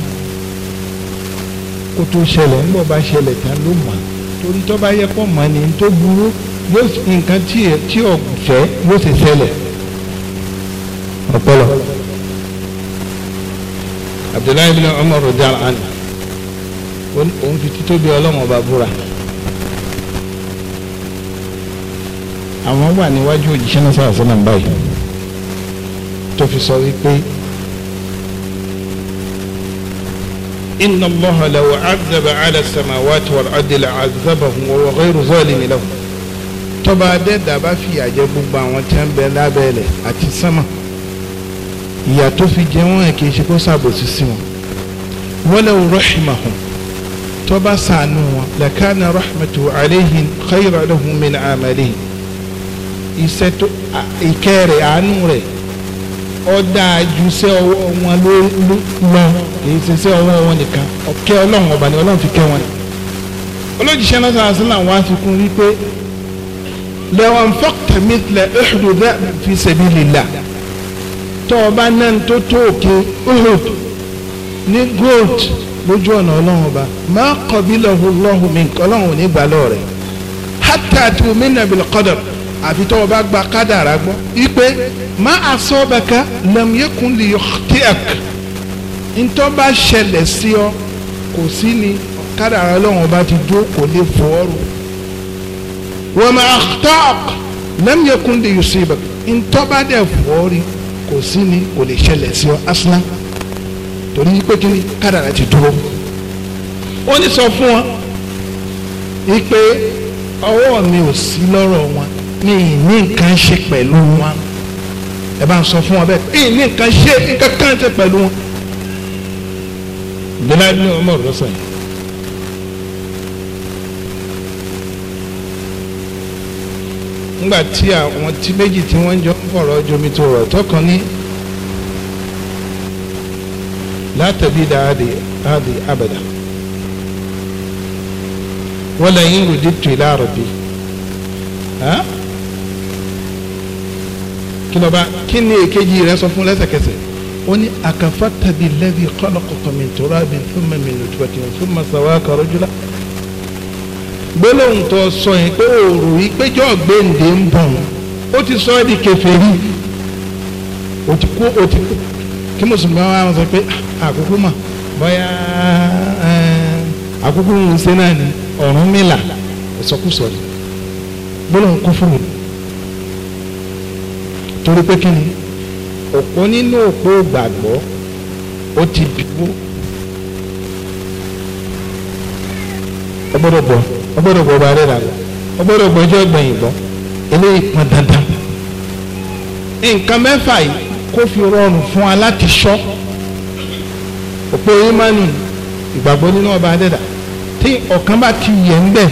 kó tó ṣẹlẹ̀ ńgbọ́ bá ṣẹlẹ̀ tán ló mọ̀ torí tó bá yẹ kó mọ̀ ni tó burú yóò nǹkan tí ò fẹ́ yóò sì ṣẹlẹ̀ ọpọlọ Abdullahi bin Umar rojal ani òun fi títóbi ọlọ́mọ ọba búra. àwọn wà níwájú òjíṣẹ́ náà sáà sọ́nà báyìí tó fi sọ wípé inna allaha law azaba ala samawati wal ardi la azabahum wa huwa ghayru zalimi lahum tọba adẹ́dà bá fìyà jẹ gbogbo àwọn tí wọ́n bẹ lábẹ́lẹ̀ àti sánmà ìyà tó fi jẹ wọ́n kì í ṣe kó ṣàbòsí sí wọn walaw rahimahum tọba sànù wọn lakana rahmatu alayhim khayra lahum min amalihi ìṣètò ìkẹrẹ àánú rẹ̀ ó dáa ju iṣẹ́ ọwọ́ wọn ló lọ èyí ti iṣẹ́ ọwọ́ wọn nìkan ọ̀kẹ́ ọlọ́run ọba ni ọlọ́run fi kẹ́ wọn. olójìṣẹ́ náà sọ̀rọ̀ sílẹ̀ wọ́n á fi kún wípé lẹ́wọ̀n fọ́ọ̀tẹ̀ mi lẹ̀ ẹ̀hùn dẹ́ fi sabilillah tọ́ ọba náà tó tó òkè Uhud ní gold lójú ọ̀nà ọlọ́run ọba má qabilahu Allahu min ọlọ́run ò ní gbà lọ́ọ̀rẹ́ hatta tu'mina bil qadar àfi tọ́ ọ bá gba kádàrá gbọ́ ipe má asọ́bẹ̀ka lam yakun li yukhti'ak ntọ́ bá ṣẹlẹ̀ sí ọ kò sí ni kádàrá Ọlọ́run ọba ti dúró kò lè fọ́ọ̀rù wa ma akhta'ak lam yakun li yusibak ntọ́ bá dẹ̀ fọ́ọ̀rì kò sí ni kò lè ṣẹlẹ̀ sí ọ aslan torí pé kí ni kádàrá ti dúró ó ní sọ fún wọn ipe ọwọ́ mi ò sí lọ́rọ̀ wọn mi ní nǹkan ṣe pẹ̀lú wọn ẹ bá ń sọ fún wọn bẹ́ẹ̀ mi ní nǹkan ṣe nǹkan kan ṣe pẹ̀lú wọn. bílá ní ọmọ rẹ sọ yìí. nígbà tí àwọn tí méjì tí wọ́n jọ ń fọ̀rọ̀ jomi tó rọ̀ tọkàn ní látàbí dáadé áàdì abàdà wọ́n lẹ́yìn rìdíìtì láàrọ̀ bíi kí lọ́ba kí ni èkejì rẹ̀ sọ fún lẹ́sẹ̀kẹsẹ̀ ó ní akafarta billadhi khalaqaka min turabin thumma min nutfatin thumma sawaka rajula gbólóhùn tó sọ yẹn pé òòrùn yìí péjọ gbèǹde ń bọ̀ ó ti sọ ẹ́ di kèfèrí ó ti kú ó ti kú kí mùsùlùmí wa sọ pé ah, àkókò mà bóyá eh, àkókò ń ṣe náà ni Ọ̀rúnmìlà ìsọkúsọ ni gbólóhùn kúfùrù ni torí pé kí ni òpó nínú òpó ìgbàgbọ́ ó ti dìbò ó gbọ́dọ̀ bọ̀ ó gbọ́dọ̀ bọ̀ ọba rẹ̀ rà lọ ó gbọ́dọ̀ bọ̀ ọjọ́ ìgbẹ̀yìn bọ̀ eléyìí pọn dandan nǹkan mẹ́fà yìí kó fi rọrùn fún wa láti sọ òpó ìmánu ìgbàgbọ́ nínú ọba adẹ́dà tí ọ̀kan bá ti yẹ̀ ń bẹ̀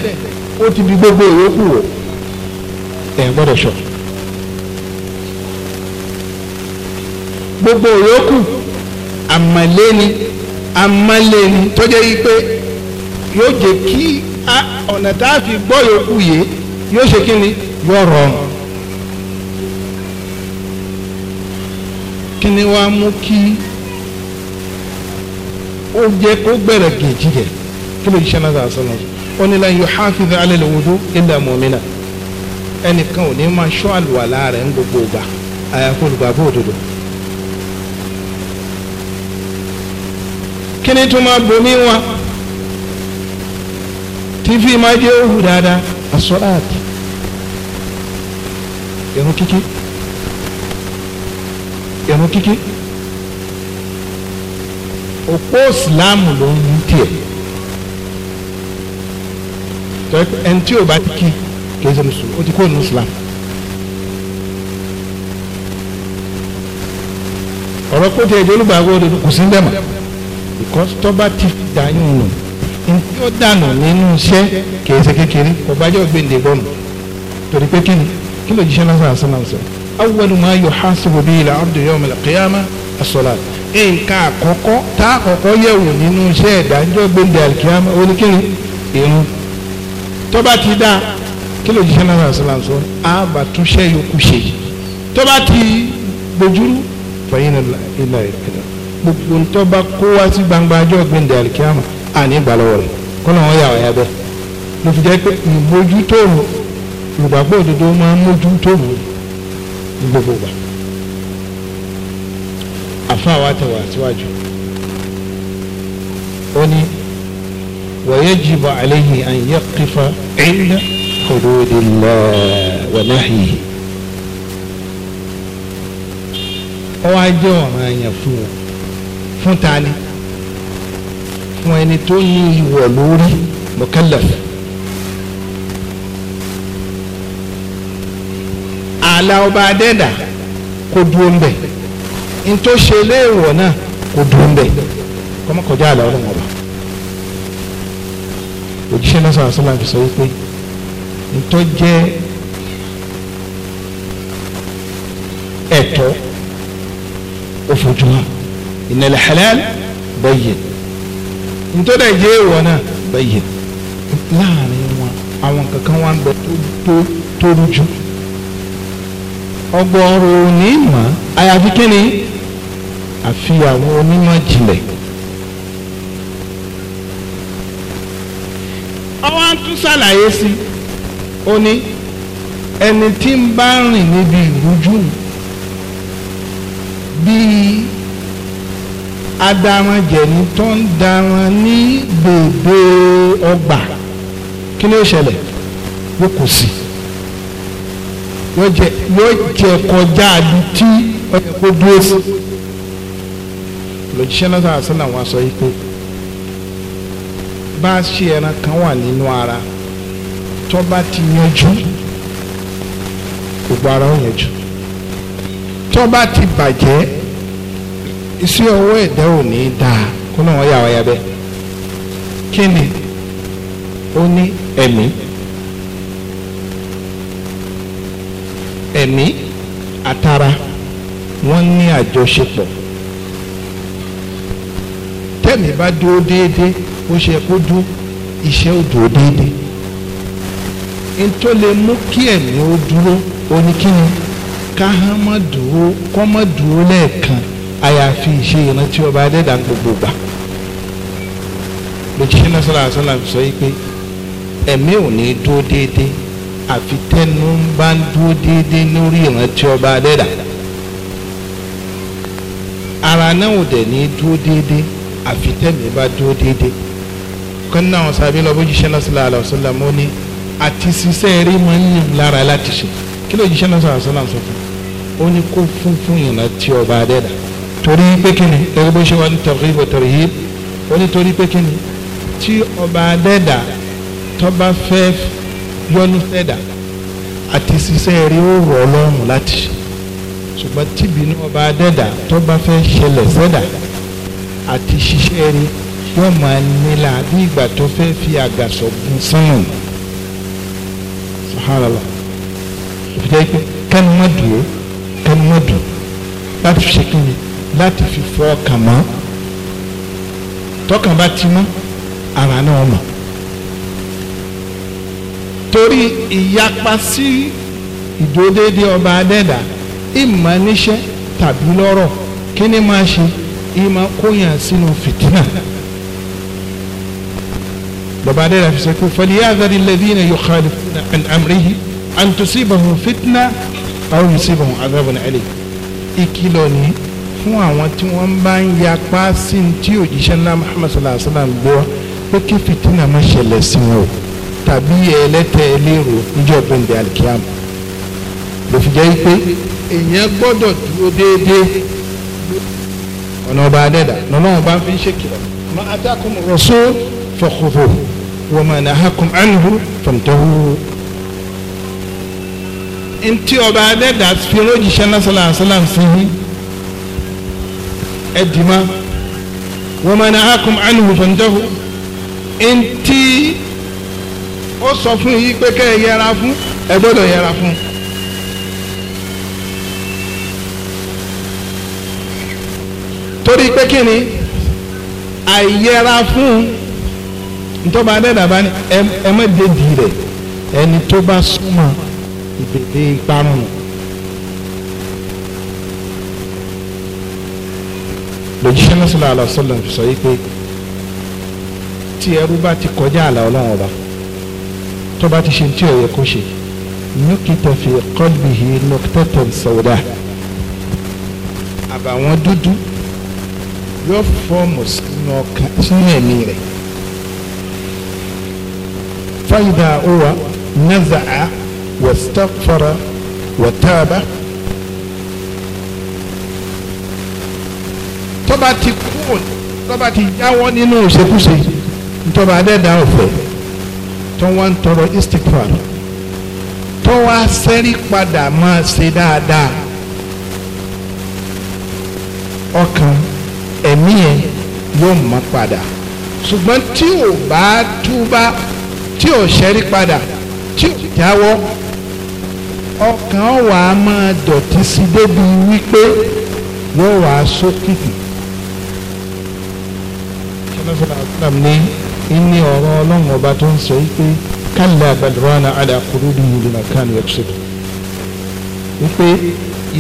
ó ti di gbogbo ìyókù wò ẹ̀ gbọ́dọ̀ sọ̀rọ̀. gbogbo yòókù àmàléni àmàléni tó jẹ́ yí yóò jẹ́ kí ọ̀nà tá a fi gbọ́ yòókù yé yóò ṣe kí ni yóò rọrùn. kí ni wàá mú kí ó jẹ́ kó gbẹ̀rẹ̀ gèjì rẹ̀ kí ló ṣiṣẹ́ náà sọ àṣọ náà ó ní la yuhafiz ala alwudu illa mu'mina ẹnìkan ò ní máa ṣọ́ àlùwàlá rẹ̀ ń gbogbo ìgbà àyàfi olùgbàgbọ́ òdodo. kí ni tó bomi wa tífì ma jẹ́ òhù dáadáa àsọ́láàtì ìrun kíkí ìrun kíkí òpó ìsìláàmù ló ń tiẹ̀ ẹni tí ò bá ti kí kì ti kó nù ìsìláàmù. ọ̀rọ̀ kó tiẹ̀ jẹ́ olùgbàgbọ́ kò sí ń bẹ́ẹ̀ because tọ́ba ti dàyún nù ntí ó dànù nínú iṣẹ́ kìí ṣe kékeré kò bá jẹ́ ògbéǹde bọ́ọ̀mù torí pé kíni kí ló jíṣẹ́ náà sàn náà sọ awwalu ma yuhasabu bihi al-abdu yawm al-qiyamah as-salat nǹkan àkọ́kọ́ tá àkọ́kọ́ yẹ̀wò nínú iṣẹ́ ìdájọ́ gbéǹde al-qiyamah oníkíni irun tọ́ba ti dá kí ló jíṣẹ́ náà sàn sọ àbàtúnṣe yòókù ṣe tọ́ba ti gbojúrú fẹ̀yìn náà ìlà gbogbo ntọ́ bá kó wá sí gbangba ajọ́ ọ̀gbìn dàlkíámà àní ìgbàlọ́wọ́ rẹ̀ kọ́nà wọn yà wáyà bẹ́ẹ̀ mo fi pé ìmójútó olùgbàgbọ́ òdodo máa ń mójútó mi gbogbo ìgbà àfáà wa tẹ̀wà síwájú ó ní ويجب عليه أن يقف عند حدود الله ونهيه ọwọ́ ajé ọ̀ràn ẹ̀yàn fún wọn fún ta ni fún ẹni tó ní ìwọ̀ lórí mukallaf ààlà ọba adẹ́dà kò dúró ń bẹ̀ ntòṣe léèwọ̀ náà kò dúró ń bẹ̀ àlà ọlọ́run ọba òjíṣẹ́ náà sọ̀rọ̀ sọ́lá fi sọ wípé ntọ́ ìnàlẹ̀ halal bayyin ntọ́dà jẹ́ èèwọ̀ náà لا láàrin wọn àwọn kankan wọn gbẹ tó tó rújú ọgbọ̀ọ̀rọ̀ òní mọ̀ àyàfi kíni àfi àwọn onímọ̀ jìnlẹ̀. ọwọ́ tún ṣàlàyé sí ó ní ẹni tí ń bá rìn níbi ìrújú bíi adaranjẹni tó ń daran ní gbogbo ọgbà kí ló ṣẹlẹ̀ yóò kò sí yóò jẹ kọjá àbí tí ọyẹ kó dúró sí lòjíṣẹ́ náà sọ̀rọ̀ sílẹ̀ wọn sọ yìí bá a ṣe ẹran kan wà nínú ara tó bá ti yanjú gbogbo ara ó yanjú tó bá ti bàjẹ́ iṣẹ́ ọwọ́ ẹ̀dá ò ní dáa kó náà wọ́n yà wáyà bẹ́ẹ̀ kí ni ó ní ẹ̀mí ẹ̀mí àtara wọ́n ní àjọṣepọ̀ tẹ́mi bá dúró déédéé ó ṣe kó dún iṣẹ́ ó dúró déédéé n mú kí ẹ̀mí ó dúró oníkíni ká dúró kọ́ dúró lẹ́ẹ̀kan àyàfi ìṣe ìrántí ọba adẹ́dà ń gbogbo gbà lójúṣe náà sọlá àṣọlá sọ yìí pé ẹ̀mí ò ní dúró déédéé àfi tẹnu ń bá ń dúró déédéé lórí ìrántí ọba adẹ́dà ara náà ò dẹ̀ ní dúró déédéé àfi tẹ̀mí bá dúró déédéé kọ́ni náà sàbí lọ bójúṣe náà sọlá àṣọlá mọ́ ni àti ṣiṣẹ́ rí máa ń yàn lára láti ṣe kí lójúṣe náà sọlá àṣọlá sọ fún ó ní kó fún fún ìrántí ọba adẹ́dà torí pé kíni gẹ́gẹ́ bó ṣe wà ní targhib wa tarhib ó ní torí pé kíni tí ọba adẹ́dà tọ́ba fẹ́ yọnu fẹ́dà àti ṣiṣẹ́ rí ó rọ̀ ọlọ́run láti ṣùgbọ́n tíbinú ọba adẹ́dà tọ́ba fẹ́ ṣẹlẹ̀ sẹ́dà àti ṣiṣẹ́ rí yóò máa nílà bí ìgbà tó fẹ́ fi àgàsọ̀ gun sánà sàhálàlà òfìjẹ́ pé kẹ́nu mọ́ dùn ó kẹ́nu mọ́ dùn láti ṣe kí ni láti fi fọ ọkàn mọ́ tọkàn bá ti mọ́ ara náà mọ̀ torí ìyapa sí ìdódédé ọba adẹ́dà ìmọ̀ níṣẹ́ tàbí lọ́rọ̀ kí ni máa ṣe ìmọ̀ kóyàn sínú fìtínà lọ́ba adẹ́dà fi sọ pé falyahzari alladhina yukhalifuna an amrihi an tusibahum fitna aw yusibahum adhabun alim ìkìlọ̀ nìyí fún àwọn tí wọ́n bá ń yapa sí tí òjíṣẹ́ ńlá Muhammad sallallahu alaihi wa sallam gbọ́ pé kí fìtínà má ṣẹlẹ̀ sí wọn o tàbí ẹlẹ́tẹ̀ ẹlẹ́rọ níjọ́ gbẹ̀ǹdẹ̀ alikiyam ló fi jẹ́ pé èèyàn gbọ́dọ̀ dúró déédéé ọ̀nà ọba adẹ́dà lọ́lọ́run bá fi ń ṣèkìlọ̀ ma atakum rasul fakhuduhu wa ma nahakum anhu famtahu ntí ọba adẹ́dà fi rọ́jìṣẹ́ náà sọ́lá ẹ̀dìmá wọ́n máa na akum anihu fẹ̀ntẹ́hu ntí ó sọ fún fún fún. torí pé kí ni àìyẹra fún ntọ́ba adẹ́dàbá ni ẹ mọ̀ dédìí rẹ̀ ẹni tó bá súnmọ́ lòjíṣẹ́ náà sallallahu alaihi wasallam sọ yìí pé tí ẹrú bá ti kọjá àlà ọlọ́run ọba tó bá ti ṣe tí ò yẹ kó ṣe nukita fi qalbihi nuktatan sawda àbàwọn dúdú yóò fọ́ọ̀mù sínú ọkàn sínú ẹ̀mí rẹ̀ fáyidà ó wa naza'a wastagfara wa taaba. tọ́ba ti kú tọ́ba ti jáwọ́ nínú ìṣekúṣe ntọ́ba adẹ́dá ọ̀fẹ́ tó wá ń tọrọ istikfar tó wá sẹ́rí padà máa ṣe dáadáa ọkàn ẹ̀mí yẹn yóò mọ́ padà ṣùgbọ́n tí ò bá túbá tí ò sẹ́rí padà tí ò jáwọ́ ọkàn wàá máa dọ̀tí sí débi wípé yóò wàá sókìkì. So sọ̀rọ̀ àṣìlám ní ní ọ̀rọ̀ ọlọ́run ọba tó ń sọ yìí pé kálá balùwánà àdàkùrú ni mo lè máa kàn wẹ́bṣẹ̀tì wípé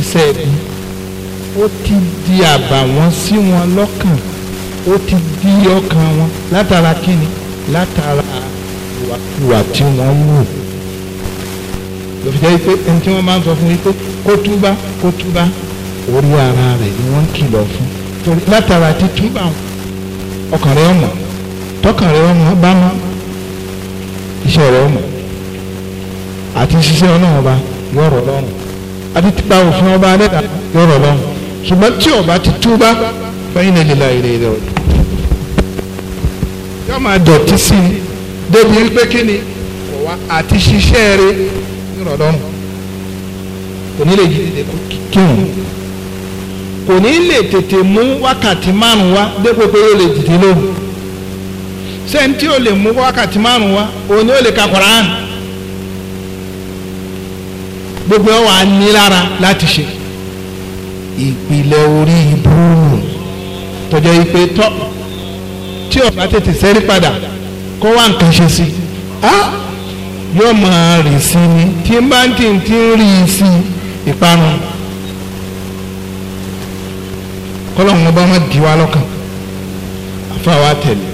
iṣẹ́ ẹbí ó ti di àbàwọ́n sí wọn lọ́kàn ó ti di ọkàn wọn látara kíni látara ìwàkiwà tí wọ́n wù lọ́fíjẹ́ pé ẹni tí wọ́n máa ń sọ fún yìí pé kó túbá kó túbá orí ara rẹ̀ ni wọ́n kìlọ̀ fún torí látara títúbà wọn ọkàn rẹ ọmọ tọkàn rẹ ọmọ bá mọ iṣẹ́ rẹ ọmọ àti ṣiṣẹ́ ọlọ́run ọba yọrọ lọ́rùn àti tipa òfin ọba alẹ́ta yọrọ lọ́rùn ṣùgbọ́n tí ọba ti túbá fẹ́yìn ìlera ìrè rẹ ọdún yóò máa dọ̀tí sí i débi wípé kí ni kò àti ṣiṣẹ́ rẹ yọrọ lọ́rùn kò ní lè yí kírun kò ní lè tètè mú wákàtí márùn wá dépò pé ó lè dìde lóhùn sẹ́ńtì ò lè mú wákàtí márùn wá òun ni ó lè ka Kùránì gbogbo ẹ̀ wà á ní lára láti ṣe ìpìlẹ̀ orí ibùrù tọ́jọ́ ìpè tọ́ tí ọ̀fà tètè sẹ́rí padà kó wá nǹkan ṣe sí yóò máa rìn sí ni tí bá ń tì ń rí sí ìparun kọ́lọ́hún ọba má di wa lọ́kàn àfa wa tẹ̀lé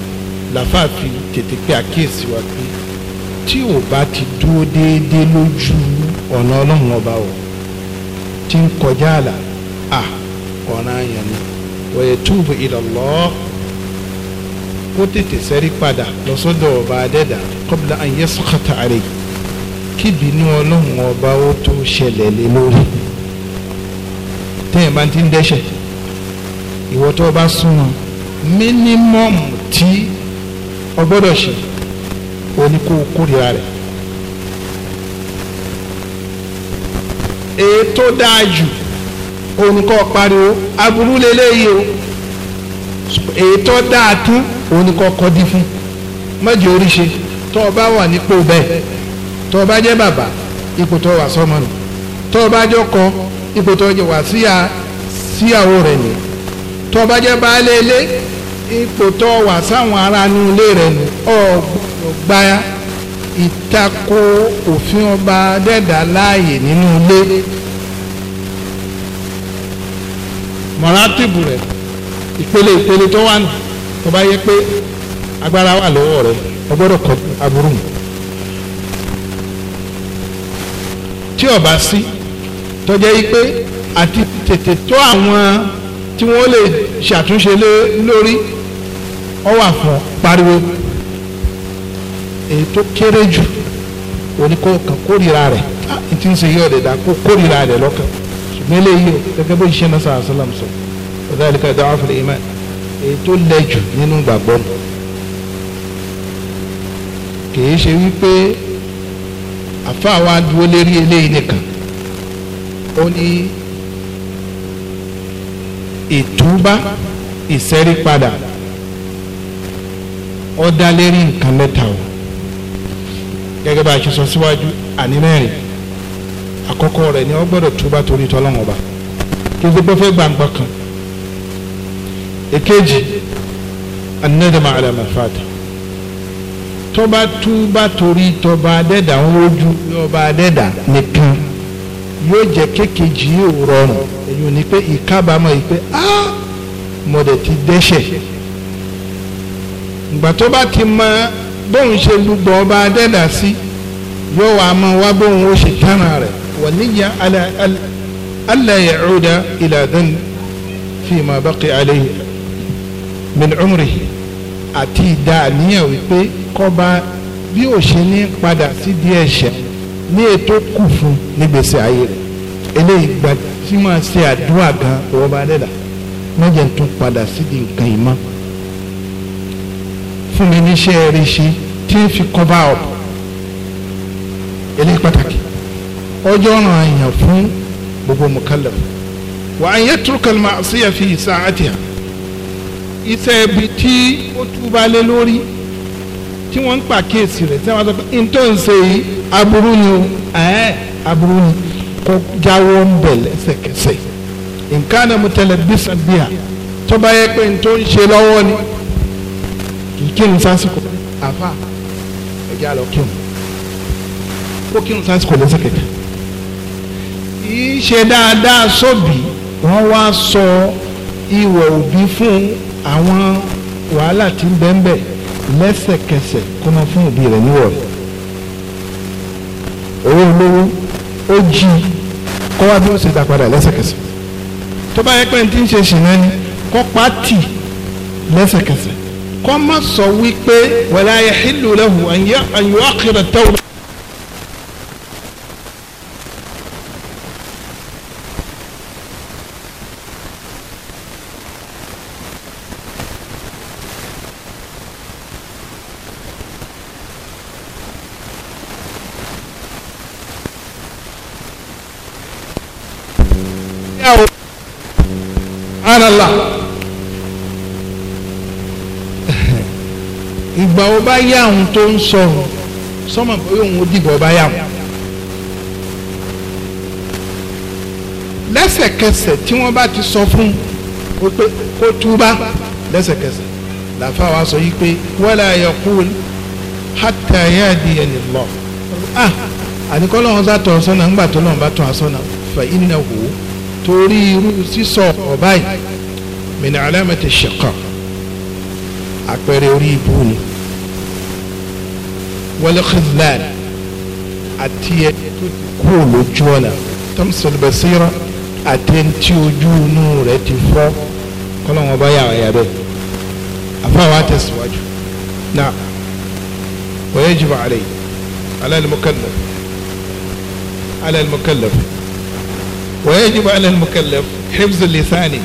làfa fi tètè pé àkíyèsí wa pé tí ò bá ti dúró déédéé lójú ọ̀nà ọlọ́run ọba o ti ń kọjá àlà à ọ̀ràn àyàn ni wọ̀nyẹ túbù ìlọ̀lọ́ kó tètè sẹ́rí padà lọ́sọ́dọ̀ ọba adẹ́dà kọ́bílà àyẹ́ sọ́kàtà àrẹ kíbi ní ọlọ́run ọba ó tó ṣẹlẹ̀ lé lórí tẹ́yìn bá ti ń dẹ́ṣẹ̀ ìwọ tó bá súnmọ́ minimum tí o gbọ́dọ̀ ṣe o ní kó o kórìíra rẹ̀ èyí tó dáa jù òun kọ́ pariwo aburú lélẹ́yìí o èyí tó dáa tún òun kọ́ kọ́dí fún mọ́jì oríṣi tó o bá wà nípò bẹ́ẹ̀ tó o bá jẹ́ bàbá ipò tó o wà sọ́mọ tó o bá jọ kọ ipò tó o wà síyàwó rẹ̀ nìyẹn tó bá jẹ́ baálé ilé ipò tó wà sáwọn ará inú ilé rẹ̀ nù ọ̀ gbọ́dọ̀ gba ìtakò òfin ọba dẹ́dà láàyè nínú ilé mọ̀rátìbù rẹ̀ ìpele ìpele tó wà nù tó bá yẹ pé agbára wà lọ́wọ́ rẹ̀ o kọ aburú mu tí ọba sí tọ́jẹ́ yí pé àti tètè tó àwọn tí wọ́n lè ṣàtúnṣe lórí ọ wà fún pariwo èyí tó kéré jù oníkọ̀ọ̀kan kórìíra rẹ̀ ah, tí ń ṣe yí ọ̀dẹ̀ dà kó kórìíra rẹ̀ lọ́kàn ṣùgbọ́n eléyìí o gẹ́gẹ́ bó ṣiṣẹ́ náà sàásálàm sọ ọ̀dà ìlú kẹta wà fúnlẹ̀ ìmọ̀ èyí tó lẹ jù nínú gbàgbọ́ mi kìí ṣe wípé àfa wa dúró lérí eléyìí nìkan ó ní ìtúbá ìsẹ́rípadà ó dá lérí nǹkan mẹ́ta o gẹ́gẹ́ bá a ṣe sọ síwájú àní mẹ́rin àkọ́kọ́ rẹ̀ ni wọ́n gbọ́dọ̀ túbá torí tọ́lọ́wọ́n ọba kí ló gbọ́ fẹ́ gbàǹgbà kan èkejì anadama alama fata tọ́ba túbá torí tọba adẹ́dà ń rojú ọba adẹ́dà nìkan yóò jẹ́ kékejì yóò rọrùn èyí ò ní pé ìkábàámọ̀ yìí pé á mọ̀dẹ̀ ti dẹ́ṣẹ̀ ìgbà tó bá ti mọ bóun ṣe lùgbọ̀ ọba adẹ́dà sí yóò wá mọ wá bóun ó ṣe tánà rẹ̀ wàníyà alla ya'uda ila dhan fima baqi alayhi min umrihi àti ìdá àníyàn wípé kọba bí ò ṣe ní padà sí díẹ̀ ṣẹ̀ ní ètò kù fún nígbèsè ayé rẹ̀ eléyìí gba tí máa ṣe àdúrà gan ọba adẹ́dà mọ́jẹ̀ tún padà sídi nǹkan yìí mọ́ fún mi níṣẹ́ rí ṣe tí ń fi kọ́ bá ọ̀ eléyìí pàtàkì ọjọ́ ràn àyàn fún gbogbo mùkálẹ̀ wà á yẹ turkal máa ṣíyà fi sàátì hàn iṣẹ́ ibi tí ó túbalẹ̀ lórí tí wọ́n ń pàkíyèsí rẹ̀ tí wọ́n sọ pé ntọ́ ń ṣe yìí aburú ni o ẹ aburú ni kó jáwọ́ ń bẹ̀ lẹ́sẹ̀kẹsẹ̀ nǹkan náà mo tẹ̀lé bísàbíà tó bá yẹ pé n tó ń ṣe lọ́wọ́ ni kì í kírun sásìkò àfa ẹ̀jẹ̀ àlọ́ kírun kó kírun sásìkò lẹ́sẹ̀kẹsẹ̀ kì í ṣe dáadáa sóbì wọ́n wá sọ ìwọ̀ òbí fún àwọn wàhálà tí ń bẹ́ẹ̀ bẹ́ẹ̀ lẹ́sẹ̀kẹsẹ̀ kó fún òbí rẹ̀ níwọ̀ rẹ̀ òun olówó ó jí kó wá bí ó ṣe dá padà lẹ́sẹ̀kẹsẹ̀ tó bá yẹ pé n ti ń ṣe ṣìnà ni kó pa tì lẹ́sẹ̀kẹsẹ̀ kó má sọ wípé wala yahillu lahu an yu'akhkhira tawba subhanallah ìgbà wo bá yá àwọn tó ń sọ sọmọ pé òun ó dìgbà ọba yá wọn. lẹ́sẹ̀kẹsẹ̀ tí wọ́n bá ti sọ fún un pé kó túbá lẹ́sẹ̀kẹsẹ̀ làfa wa sọ yìí pé wala yaqul hatta yadiyani Allah ah àníkọ́ lọ́wọ́n sá tọ̀ sọ́nà ńgbà tó lọ́wọ́n bá tọ̀ sọ́nà fa innahu torí irú sísọ وباي من علامة الشقاء أكبر يريبوني والخذلان أتي كل جوانا تمس البصيرة أتين تيجو نور تفا كل ما بيا يا بي أفوات السواج نعم ويجب علي على المكلف على المكلف ويجب على المكلف hifzu lisani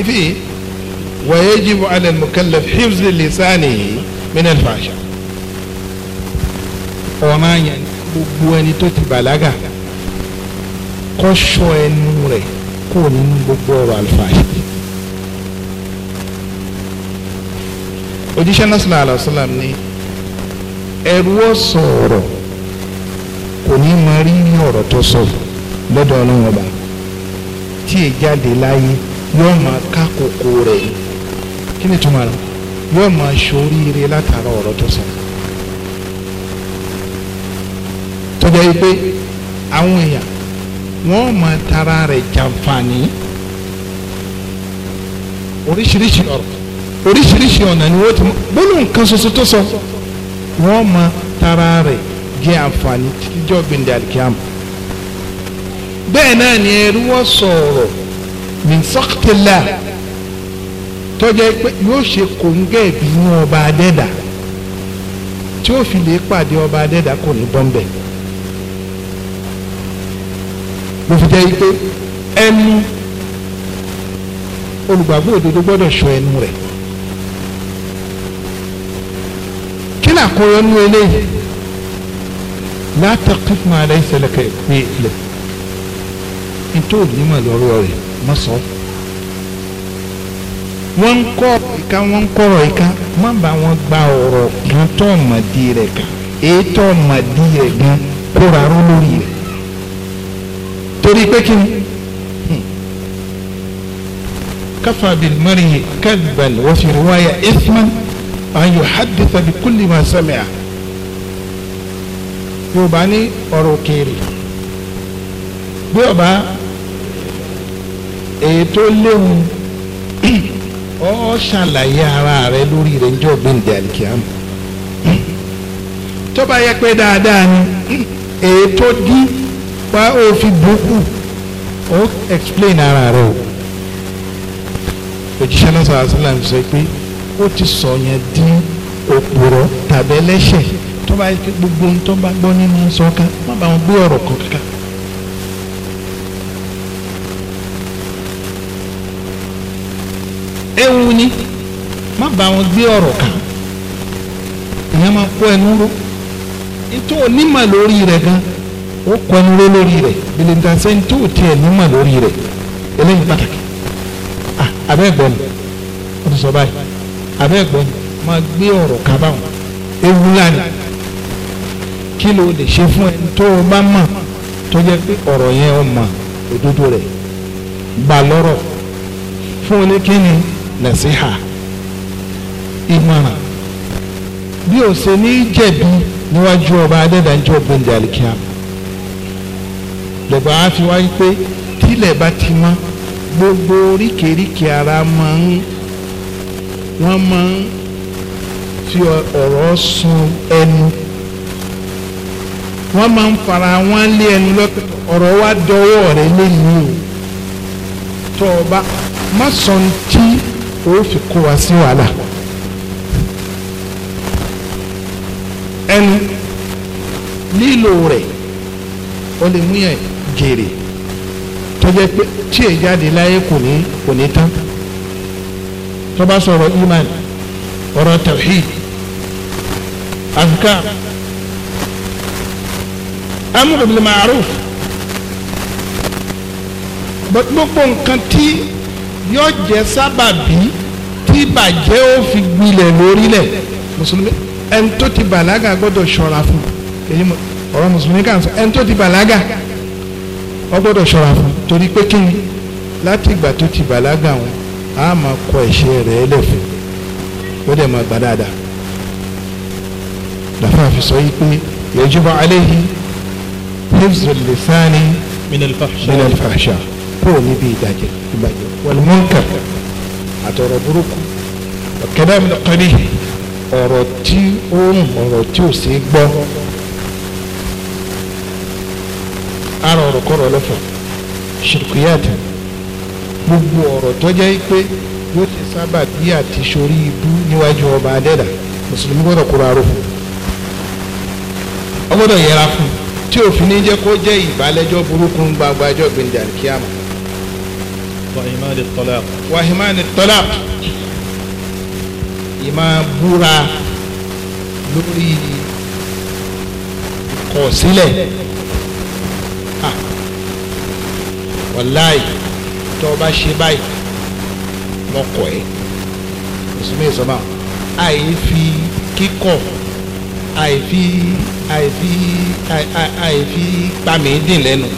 ifi wa yajibu ala al-mukallaf hifzu lisanihi min al-fahsha ọmọ àyàn gbogbo ẹni tó ti bàlágà kó ṣọ́ ẹnu rẹ̀ kó nínú gbogbo ọ̀rọ̀ àlùfàṣà. òjíṣẹ́ náà sallallahu alaihi wasallam ní ẹrú ọ̀sọ̀ọ̀rọ̀ kò ní mọ rírì ọ̀rọ̀ tó sọ̀rọ̀ lọ́dọ̀ ọlọ́run ọba tí è jáde láyé yóò máa ká kókó rẹ̀ kí ni túmọ̀ rẹ̀ yóò máa ṣoríire látara ọ̀rọ̀ tó sọ. tó jẹ́ pé àwọn èèyàn wọ́n máa tara rẹ̀ jàǹfààní oríṣiríṣi ọ̀rọ̀ oríṣiríṣi ọ̀nà ni wọ́n ti mọ gbólóhùn kan ṣoṣo tó sọ wọ́n máa tara rẹ̀ jẹ àǹfààní títí jọ́ gbẹ̀ndẹ̀ àlìkíyàmù bẹ́ẹ̀ náà ni ẹrú wọ́n sọ̀rọ̀ min sọ́kìtìlá tọ́jà pé yóò ṣe kòńgẹ́ ìbínú ọba adẹ́dà tí ó fi lè pàdé ọba adẹ́dà kò ní bọ́ńbẹ́ mo fi jẹ́ pé ẹnu olùgbàgbọ́ òdodo gbọ́dọ̀ sọ ẹnu rẹ̀ kí ni àkóyọ nínú eléyìí látàkùn máa lẹ́yìn sẹlẹ̀ kẹ́ẹ̀ẹ́ pé nítorí onímọ̀ lọ́rọ̀ rẹ̀ má sọ. wọ́n ń kọ́ ìka wọ́n ń kọ́rọ̀ ìka má bá wọn gba ọ̀rọ̀ kan tó ọ̀mọ̀dí rẹ̀ kan èyí tó ọ̀mọ̀dí rẹ̀ gan kóra ró lórí rẹ̀ torí pé kí ni hmm. kafa bil mari kadban wa fi riwaya ithman an yuhaddisa bi kulli ma sami'a yorùbá ní ọ̀rọ̀ kéré bí ọba èyí tó léwu ọ ṣàlàyé ara rẹ lórí rẹ níjọ́ gbẹndẹ àlìkíyàmù tó bá yẹ pé dáadáa ni èyí tó dí wá òfin burúkú ó explain ara rẹ o òjíṣẹ́ náà sọ̀rọ̀ sọ́lá sọ pé ó ti sọ̀yàn di òpùrọ̀ tàbí ẹlẹ́ṣẹ̀ tó yẹ pé gbogbo ohun tó bá gbọ́ nínú sọ́ka má bàa gbé ọ̀rọ̀ kan kankan. ní má bá wọn gbé ọ̀rọ̀ kan ìyẹn máa kó ẹnu ró ètò onímọ̀ lórí rẹ̀ gan ó kọ ẹnu ró lórí rẹ̀ bìlìntànṣẹ́ ní tó tiẹ̀ nímọ̀ lórí rẹ̀ eléyìí pàtàkì abẹ́ ẹ̀gbọ́n mi ó ti sọ báyìí abẹ́ ẹ̀gbọ́n mi máa gbé ọ̀rọ̀ kábàáwọn ewu lánàá kí ló lè ṣe fún ẹni tó o bá mọ̀ tó jẹ́ pé ọ̀rọ̀ yẹn o òdodo rẹ̀ gbà lọ́rọ̀ fún oníkíni nasiha ìmọ̀ràn bí o ṣe ní jẹ̀bi níwájú ọba adẹ́dàjọ́ gbẹ̀ndẹ̀ àlìkíá lọ́gbà á fi wáyé pé tílẹ̀ bá ti mọ́ gbogbo oríkèéríkèé ara máa ń wọ́n máa ń fi ọ̀rọ̀ sun ẹnu wọ́n máa ń fara wọ́n lé ẹnu lọ́pẹ́ ọ̀rọ̀ wa dọwọ́ rẹ lẹ́nu o tọ́ ọ má sọ ní tí ó fi kó wa sí wàhálà ẹnu lílo rẹ̀ ó lè mú yàn jèrè tó jẹ́ pé tí èyí jáde láyé kò ní kò ní tán tó bá sọ̀rọ̀ iman ọ̀rọ̀ tawhid azkar amúlùmí ma'ruf gbogbo nǹkan tí yóò jẹ́ sábàbí tí ìbàjẹ́ ó fi gbilẹ̀ lórílẹ̀ mùsùlùmí ẹni tó ti bàlágà gbọ́dọ̀ ṣọ́ra fún èyí ọ̀rọ̀ mùsùlùmí kà ń sọ ẹni tó ti bàlágà ó gbọ́dọ̀ ṣọ́ra fún torí pé kí ni láti ìgbà tó ti bàlágà wọn a máa kọ ẹ̀ṣẹ̀ rẹ̀ lẹ́fẹ̀ẹ́ ó dẹ̀ máa gbà dáadáa làfáà fi sọ yìí pé yajibu alayhi hifzul lisani minal fahsha kúrò níbi ìdájẹ́ ìbàjẹ́ wal-munkar àtọ̀rọ̀ burúkú kalam al-qarih ọ̀rọ̀ tí ó ń ọ̀rọ̀ tí ò sí gbọ́ ara ọ̀rọ̀ kọ́rọ̀ lọ́fọ̀ ṣìrìkìyàtì gbogbo ọ̀rọ̀ tó jẹ́ pé yóò ti sábà bí àti sórí ibú níwájú ọba adẹ́dà mùsùlùmí gbọ́dọ̀ kóra rò fún ọ yẹra fún tí òfin ní jẹ́ kó jẹ́ ìbálẹ́jọ́ burúkú gbàgbàjọ́ gbẹ̀ndẹ̀ وإيمان الطلاق وإيمان الطلاق ìmá búra lórí ìkọ̀sílẹ̀ wàláì tó o bá ṣe báyìí mọ̀kọ̀ ẹ́ mùsùlùmí ìsọ̀mà àìfi kíkọ̀ àìfi àìfi àìfi gbàmídìn lẹ́nu.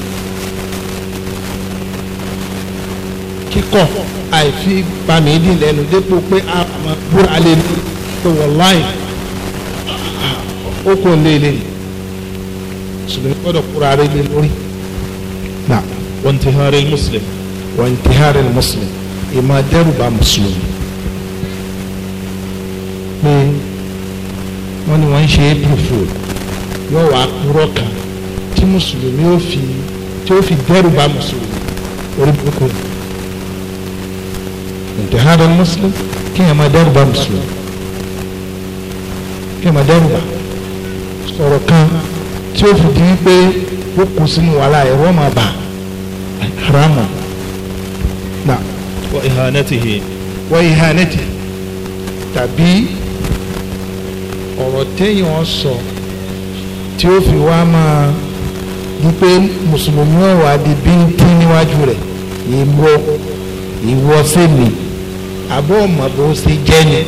kíkọ̀ àìfi pàmìlì lẹ́nu dépò pé a mọ̀ búra lè ní pé wọláì ó kò lè lè ṣùgbọ́n gbọ́dọ̀ kúra rẹ̀ lè lórí. na wantihari muslim. wantihari muslim ìmọ̀ dẹ́rùbà mùsùlùmí. pé wọ́n ní wọ́n ń ṣe april fool yóò wá kúrọ̀ kan tí mùsùlùmí ó fi tí ó fi dẹ́rùbà mùsùlùmí orí burúkú ni. استهان المسلم kéèyàn máa dẹ́rù bá mùsùlùmí kéèyàn máa dẹ́rù bá sọ̀rọ̀ kan tí ó fi di wípé ó kù sínú wàhálà ẹ̀rọ máa bà haramu na. wa ihanatihi. wa ihanatihi tàbí ọ̀rọ̀ téèyàn sọ tí ó fi wá máa di pé mùsùlùmí ọ̀wà di bíntín níwájú rẹ̀ ìwọ sẹ́mi àbọ̀ ọmọ bó ṣe jẹ́ ni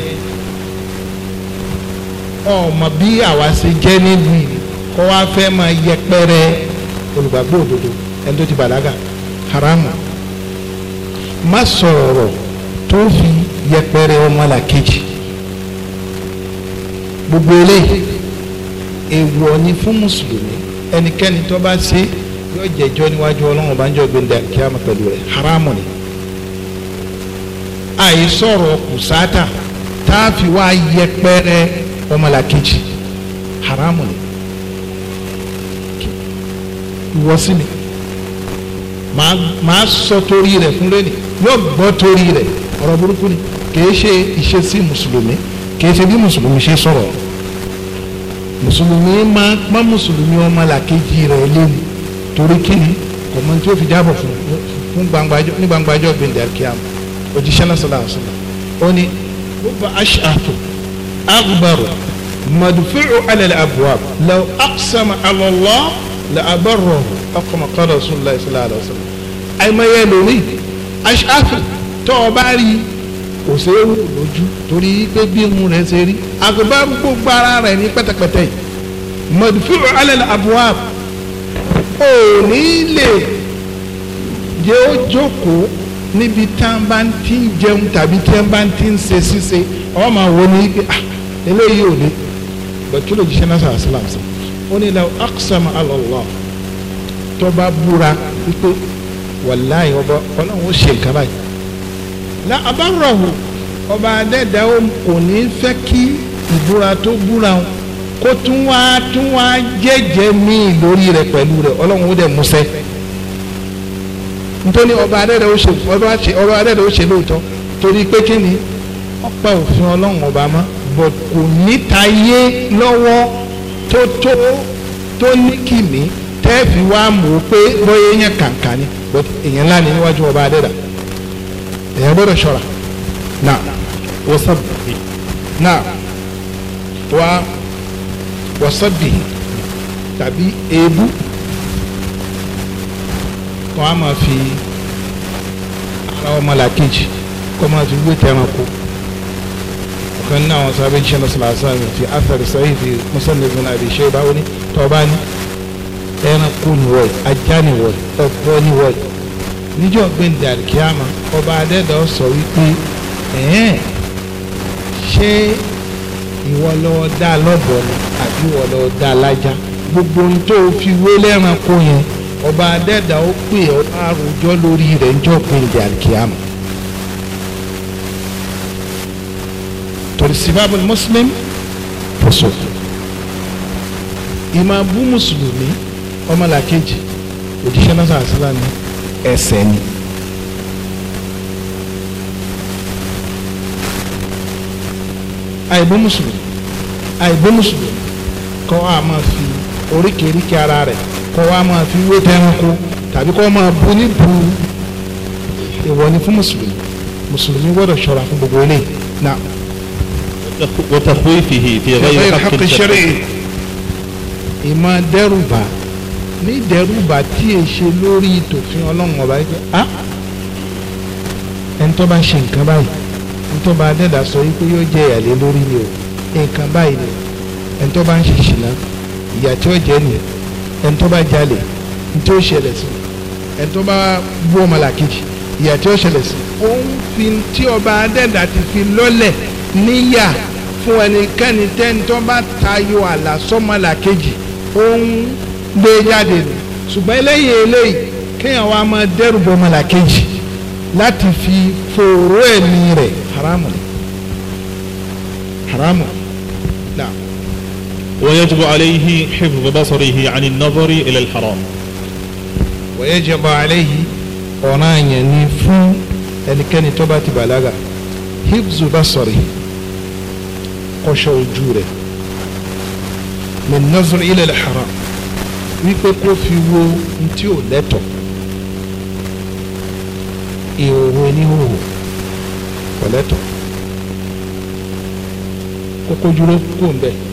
ọmọ bí àwa ṣe jẹ́ nílùú yìí kọ́ wa fẹ́ máa yẹpẹrẹ olùgbàgbọ́ òdodo ẹni tó ti bàlágà haramu má sọ̀rọ̀ tó fi yẹpẹrẹ ọmọlàkejì gbogbo eléyìí èèwọ̀ ni fún mùsùlùmí ẹnikẹ́ni tó bá ṣe yóò jẹjọ́ níwájú ọlọ́run bá ń jọ gbẹ̀ndẹ̀ kíámà pẹ̀lú rẹ̀ haramu ni àìsọ̀rọ̀ kùsátà tá a fi wá yẹpẹrẹ ọmọlàkejì haramu ni ìwọ́sí ni màá sọ torí rẹ̀ fún lónìí yóò gbọ́ torí rẹ̀ ọ̀rọ̀ burúkú ni kìí ṣe ìṣesí mùsùlùmí kìí ṣe bí mùsùlùmí ṣe sọ̀rọ̀ mùsùlùmí máa pọ́n mùsùlùmí ọmọlàkejì rẹ̀ léwu torí kíni kò mọ tí ó fi jábọ̀ fún ní gbangbajọ́ gbẹ̀ndẹ̀ kíámù òjíṣẹ́ náà sọ̀rọ̀ àwọn sọ̀rọ̀ ó ní bubba ash'atu aghbaru madfi'u ala al-abwab law aqsama ala Allah la abarrahu ọkọ̀mọ kọ́dọ̀ rasulullah sallallahu alaihi wasallam àìmọye lórí ash'atu tó o bá rí kò séwu lójú torí pé bí mu rẹ̀ ṣe rí aghbaru gbogbo ara rẹ̀ ní pẹ́tẹ́pẹ́tẹ́ yìí madfi'u ala ò ní lè yóò jókòó níbi tán bá ń tí ń jẹun tàbí tán bá ń tí ń ṣe ṣíṣe àwọn máa wọ ní ibi ah eléyìí ò ní bẹ́ẹ̀ kí ló jíṣẹ́ náà sàrà sílám sí ó ní law aqsama ala Allah tó bá búra wípé wàláyé ọba ọlọ́run ó ṣe nǹkan báyìí la abarrahu ọba adẹ́dá kò ní fẹ́ kí ìbúra tó búra wọn kó tún wá tún wá jẹ́jẹ́ míì lórí rẹ̀ pẹ̀lú rẹ̀ ọlọ́run ó dẹ̀ mú nítorí ọba adẹ́rẹ́ ó ṣe ọba adẹ́rẹ́ ó ṣe lóòótọ́ torí pé kí ni ọ̀pá òfin ọlọ́run ọba mọ́ but kò níta yé lọ́wọ́ tó tó tó ní kìmí tẹ́ẹ̀fì wá mọ̀ ó pé bóyá èèyàn kàǹkà ni but èèyàn ńlá ni níwájú ọba adẹ́rẹ́ èèyàn gbọ́dọ̀ ṣọ́ra na wasabi na wa wasabi tàbí èébú wọn á máa fi ara ọmọ làkejì kọ́ máa fi wé tẹranko ọ̀kan náà wọn sábẹ́ jíṣẹ́ lọ́sọ̀lọ́sọ̀ àti fi afẹ́rẹ́ sẹ́yìn fi mọ́sálẹ̀ fún àbí ṣé ìbáwọ́ ní tọ́ba ní ẹranko ni wọ́ọ̀yì ajá ni wọ́ọ̀yì ọ̀pọ̀ ni wọ́ọ̀yì níjọ́ gbẹ̀ndẹ̀ àríkíámà ọba adẹ́dàá sọ wípé ẹ̀ẹ́n ṣé ìwọ lọ́wọ́ dá lọ́bọ̀ ni àbí ìwọ lọ́wọ́ dá lájá gbogbo ohun tó fi wé lẹ́ranko yẹn ọba adẹ́dà ó pè ọ́ àròjọ́ lórí rẹ̀ ń jọ́pin ìdí àkíyàmù. torí sibabu muslim fọsọ ìmọ̀ abú mùsùlùmí ọmọlàkejì òjíṣẹ́ náà sàásìlá ni ẹsẹ̀ ni. àìbó mùsùlùmí àìbó mùsùlùmí kọ́ àmọ́ fi oríkèéríkèé ara rẹ̀ kọ́ wa máa fi wé tẹranko tàbí kọ́ máa bu ní bu ìwọ ni fún mùsùlùmí mùsùlùmí gbọ́dọ̀ ṣọ́ra fún gbogbo ilé náà. وتخويفه في غير حق الشرعي ìmọ̀ dẹ́rùbà ní dẹ́rùbà tí è ṣe lórí tòfin ọlọ́run ọba yìí pé a ẹni tó bá ṣe nǹkan báyìí ẹni tó bá dẹ́dà sọ yìí pé yóò jẹ ìyàlẹ́ lórí ni o nǹkan báyìí ni ẹni tó bá ń ṣe ṣìnà ìyà tí ó jẹ nìyẹn ẹni tó bá jalè ní tí ó ṣẹlẹ̀ sí ẹni tó bá bú ọmọlàkejì ìyà tí ó ṣẹlẹ̀ sí ó ń fi tí ọba adẹ́dà ti fi lọ́lẹ̀ níyà fún ẹnikẹ́ni tẹ́ni tó bá tayọ àlà sọ́mọlàkejì ó ń gbé e jáde nù ṣùgbọ́n eléyìí eléyìí kéèyàn wá máa dẹ́rù bọ́ ọmọlàkejì láti fi fòró ẹ̀mí rẹ̀ haramu haramu. ويجب عليه حفظ بصره عن النظر إلى الحرام ويجب عليه ọ̀ràn yẹn ni fún ẹnikẹ́ni tó bá ti bàlágà hibzu basari kọ́ṣọ́ ojú rẹ̀ min nazar ila al-haram wípé kó fi wo ntí ò lẹ́tọ̀ ìhòòhò oníhòòhò kò lẹ́tọ̀ kókó dúró kó ń bẹ́ẹ̀.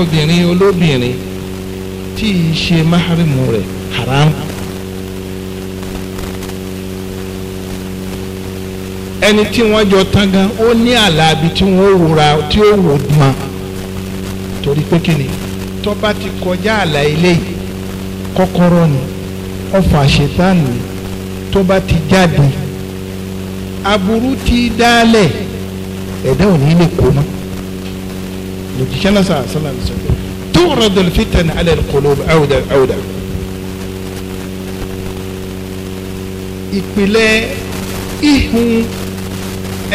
obìnrin olóbìnrin tí í ṣe máhárìmù rẹ̀ haram. ẹni tí wọ́n jọ tán ó ní àlàbí tí wọ́n wura tí ó wò dùn torí pé kíni tó bá ti kọjá àlà ilé yìí kọ́kọ́rọ́ ni ọfà ṣètánì tó bá ti jáde aburú ti dálẹ̀ ẹ̀dá ò ní lè kó mọ́. lòjíṣẹ́ náà sàn sàn náà sọ pé tu'radu al-fitan ala al-qulub awda awda. ìpìlẹ̀ ihun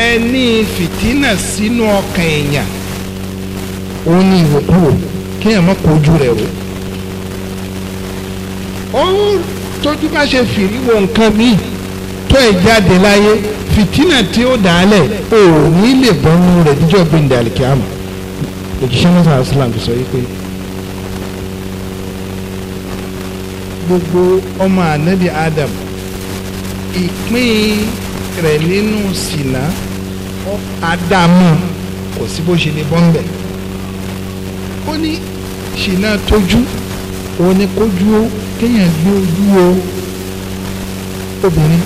ẹni fìtínà sínú ọkàn èèyàn òun ni ìwòkúwò kéèyàn má kojú rẹ̀ o. ó tójú bá ṣe fìrí nǹkan míì tó ẹ̀ jáde láyé fìtínà tí ó dàálẹ̀ òun ní lè bọ́nú rẹ̀ níjọ́ gbẹ̀ndẹ̀ àlìkíyàmù òjíṣẹ́ náà sàrà sílám sọ wípé gbogbo ọmọ ànábì Adam ìpín rẹ̀ nínú sìnà Ádámù kò sí bó ṣe lè bọ́ńbẹ̀ ó ní sìnà tójú òun ni kójú kéèyàn gbé ojú o obìnrin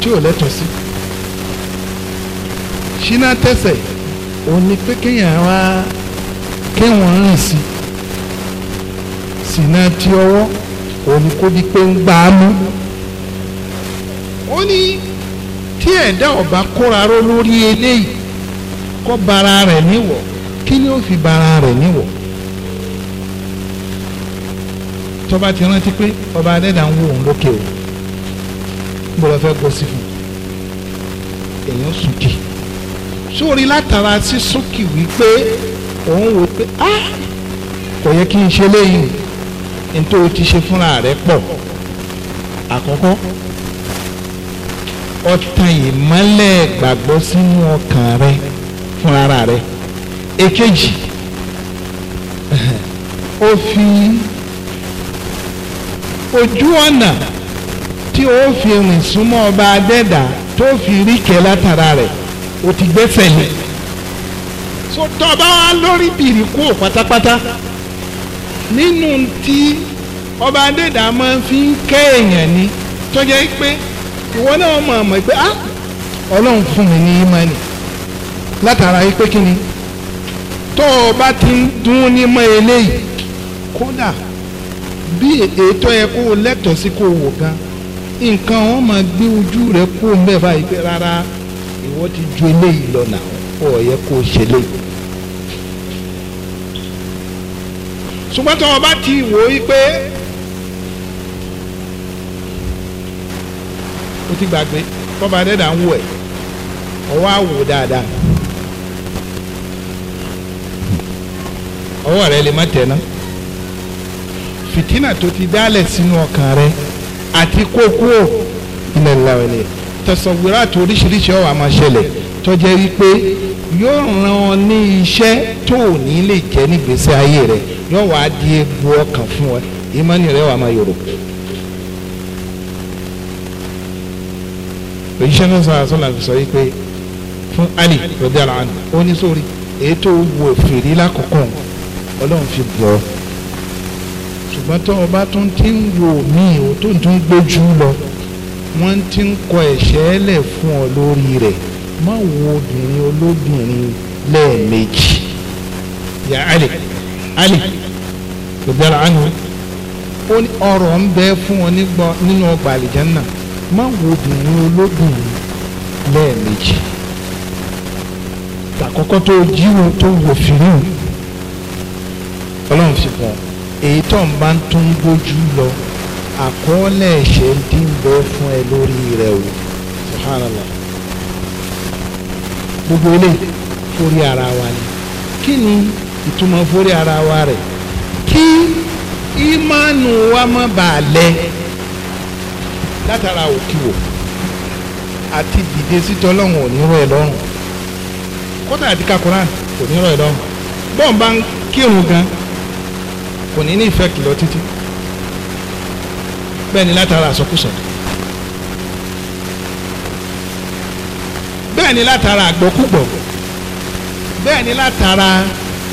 tí ò lẹ́tọ̀ọ́ sí sìnà tẹsẹ̀ òun ni pé kéèyàn wá kéwọn rìn sí sínú ti ọwọ́ òun kó di pé ń gbá a mú ó ní tí ẹ̀dá ọba kóra ró lórí eléyìí kọ́ bara rẹ̀ níwọ̀ kí ni ó fi bara rẹ̀ níwọ̀ tọ́ba ti rántí pé ọba adẹ́dà ń wo òun lókè o bó lọ fẹ́ gbọ́ sí fún èèyàn sùn kì í sórí látara sísúnkì wípé òun wò pé á kò yẹ kí n ṣe léyìn nítorí o ti ṣe fúnra rẹ pọ̀ àkọ́kọ́ ọ̀tàn ìmọ́lẹ̀ gbàgbọ́ sínú ọkàn rẹ fúnra rẹ èkejì ó fi ojú ọ̀nà tí ó fi rìn súnmọ́ ọba adẹ́dà tó fi ríkẹ́ látara rẹ̀. o ti gbé so tọba wa lórí bìrì kú pátápátá nínú ọba adéda máa fi ń kẹ́ ni tó jẹ́ pé ìwọ náà mọ̀ mọ̀ pé ah ọlọ́run fún mi ní ni látara pé kí ni tó o bá ti ń dún ní mọ́ eléyìí kódà bí ètò yẹ kó o lẹ́tọ̀ọ́ sí kó o wò gan nǹkan wọn máa gbé ojú rẹ kó o wọ́n ti ju eléyìí lọ nà ó yẹ kó o ṣe léyìí. ṣùgbọ́n tí wọ́n bá ti wò ó pé o ti gbàgbé kọ́ba dẹ́dà ń wò ẹ̀ ọwọ́ àwò dáadáa ọwọ́ rẹ lè má tẹ̀ ná fìtínà tó ti dálẹ̀ sínú ọkàn rẹ àti kókó ilẹ̀ ńlá wẹ̀lẹ̀ tẹ̀sọ̀wúrà tó oríṣiríṣi ọ̀wà máa ṣẹlẹ̀ tó jẹ́ wípé yóò ràn ọ́ ní iṣẹ́ tó ò ní lè jẹ́ nígbèsè ayé rẹ̀ yóò wá di egbò ọkàn fún ọ ìmọ̀nì rẹ̀ wà máa yòrò. òjíṣẹ́ náà sọ àṣọlá fi sọ wípé fún Ali rọ̀dí àlọ́ àná ó ní sórí ètò wo fèrè lákòókò ọlọ́run fi bọ̀ ọ́ ṣùgbọ́n tó o bá tún ti ń wo míì o tó ń tún gbójú lọ wọ́n ti ń kọ ẹ̀ṣẹ́ lẹ̀ fún ọ lórí rẹ̀ má wo obìnrin olóbìnrin lẹ́ẹ̀mejì ya Ali Ali ìgbàlá ànú ọ̀rọ̀ ń bẹ fún ọ nínú ọgbà àlìjánná má wo obìnrin olóbìnrin lẹ́ẹ̀mejì tàkọ́kọ́ tó jíwo tó wò fìrín ọlọ́run fi bọ̀ èyí tó ń bá ń bójú lọ àkọọ́lẹ̀ ẹ̀ṣẹ̀ ti ń bẹ fún ẹ lórí rẹ o subhanallah gbogbo ilé forí ara wa ni kí ni ìtumọ̀ forí ara wa rẹ̀ kí ìmánu wa má bàa lẹ látara òkìwò àti dìde sítọ́ lọ́wọ́n ò ní rọ̀ ẹ̀ lọ́rùn kọ́tà àti kakura kò ní rọ̀ ẹ̀ lọ́rùn bọ́ọ̀ bá ń kírun gan kò ní ní ìfẹ́ kìlọ̀ títí fẹ́ni látara àsọkúsọ bẹ́ẹ̀ ni látara àgbọ́kúgbọ̀ bẹ́ẹ̀ ni látara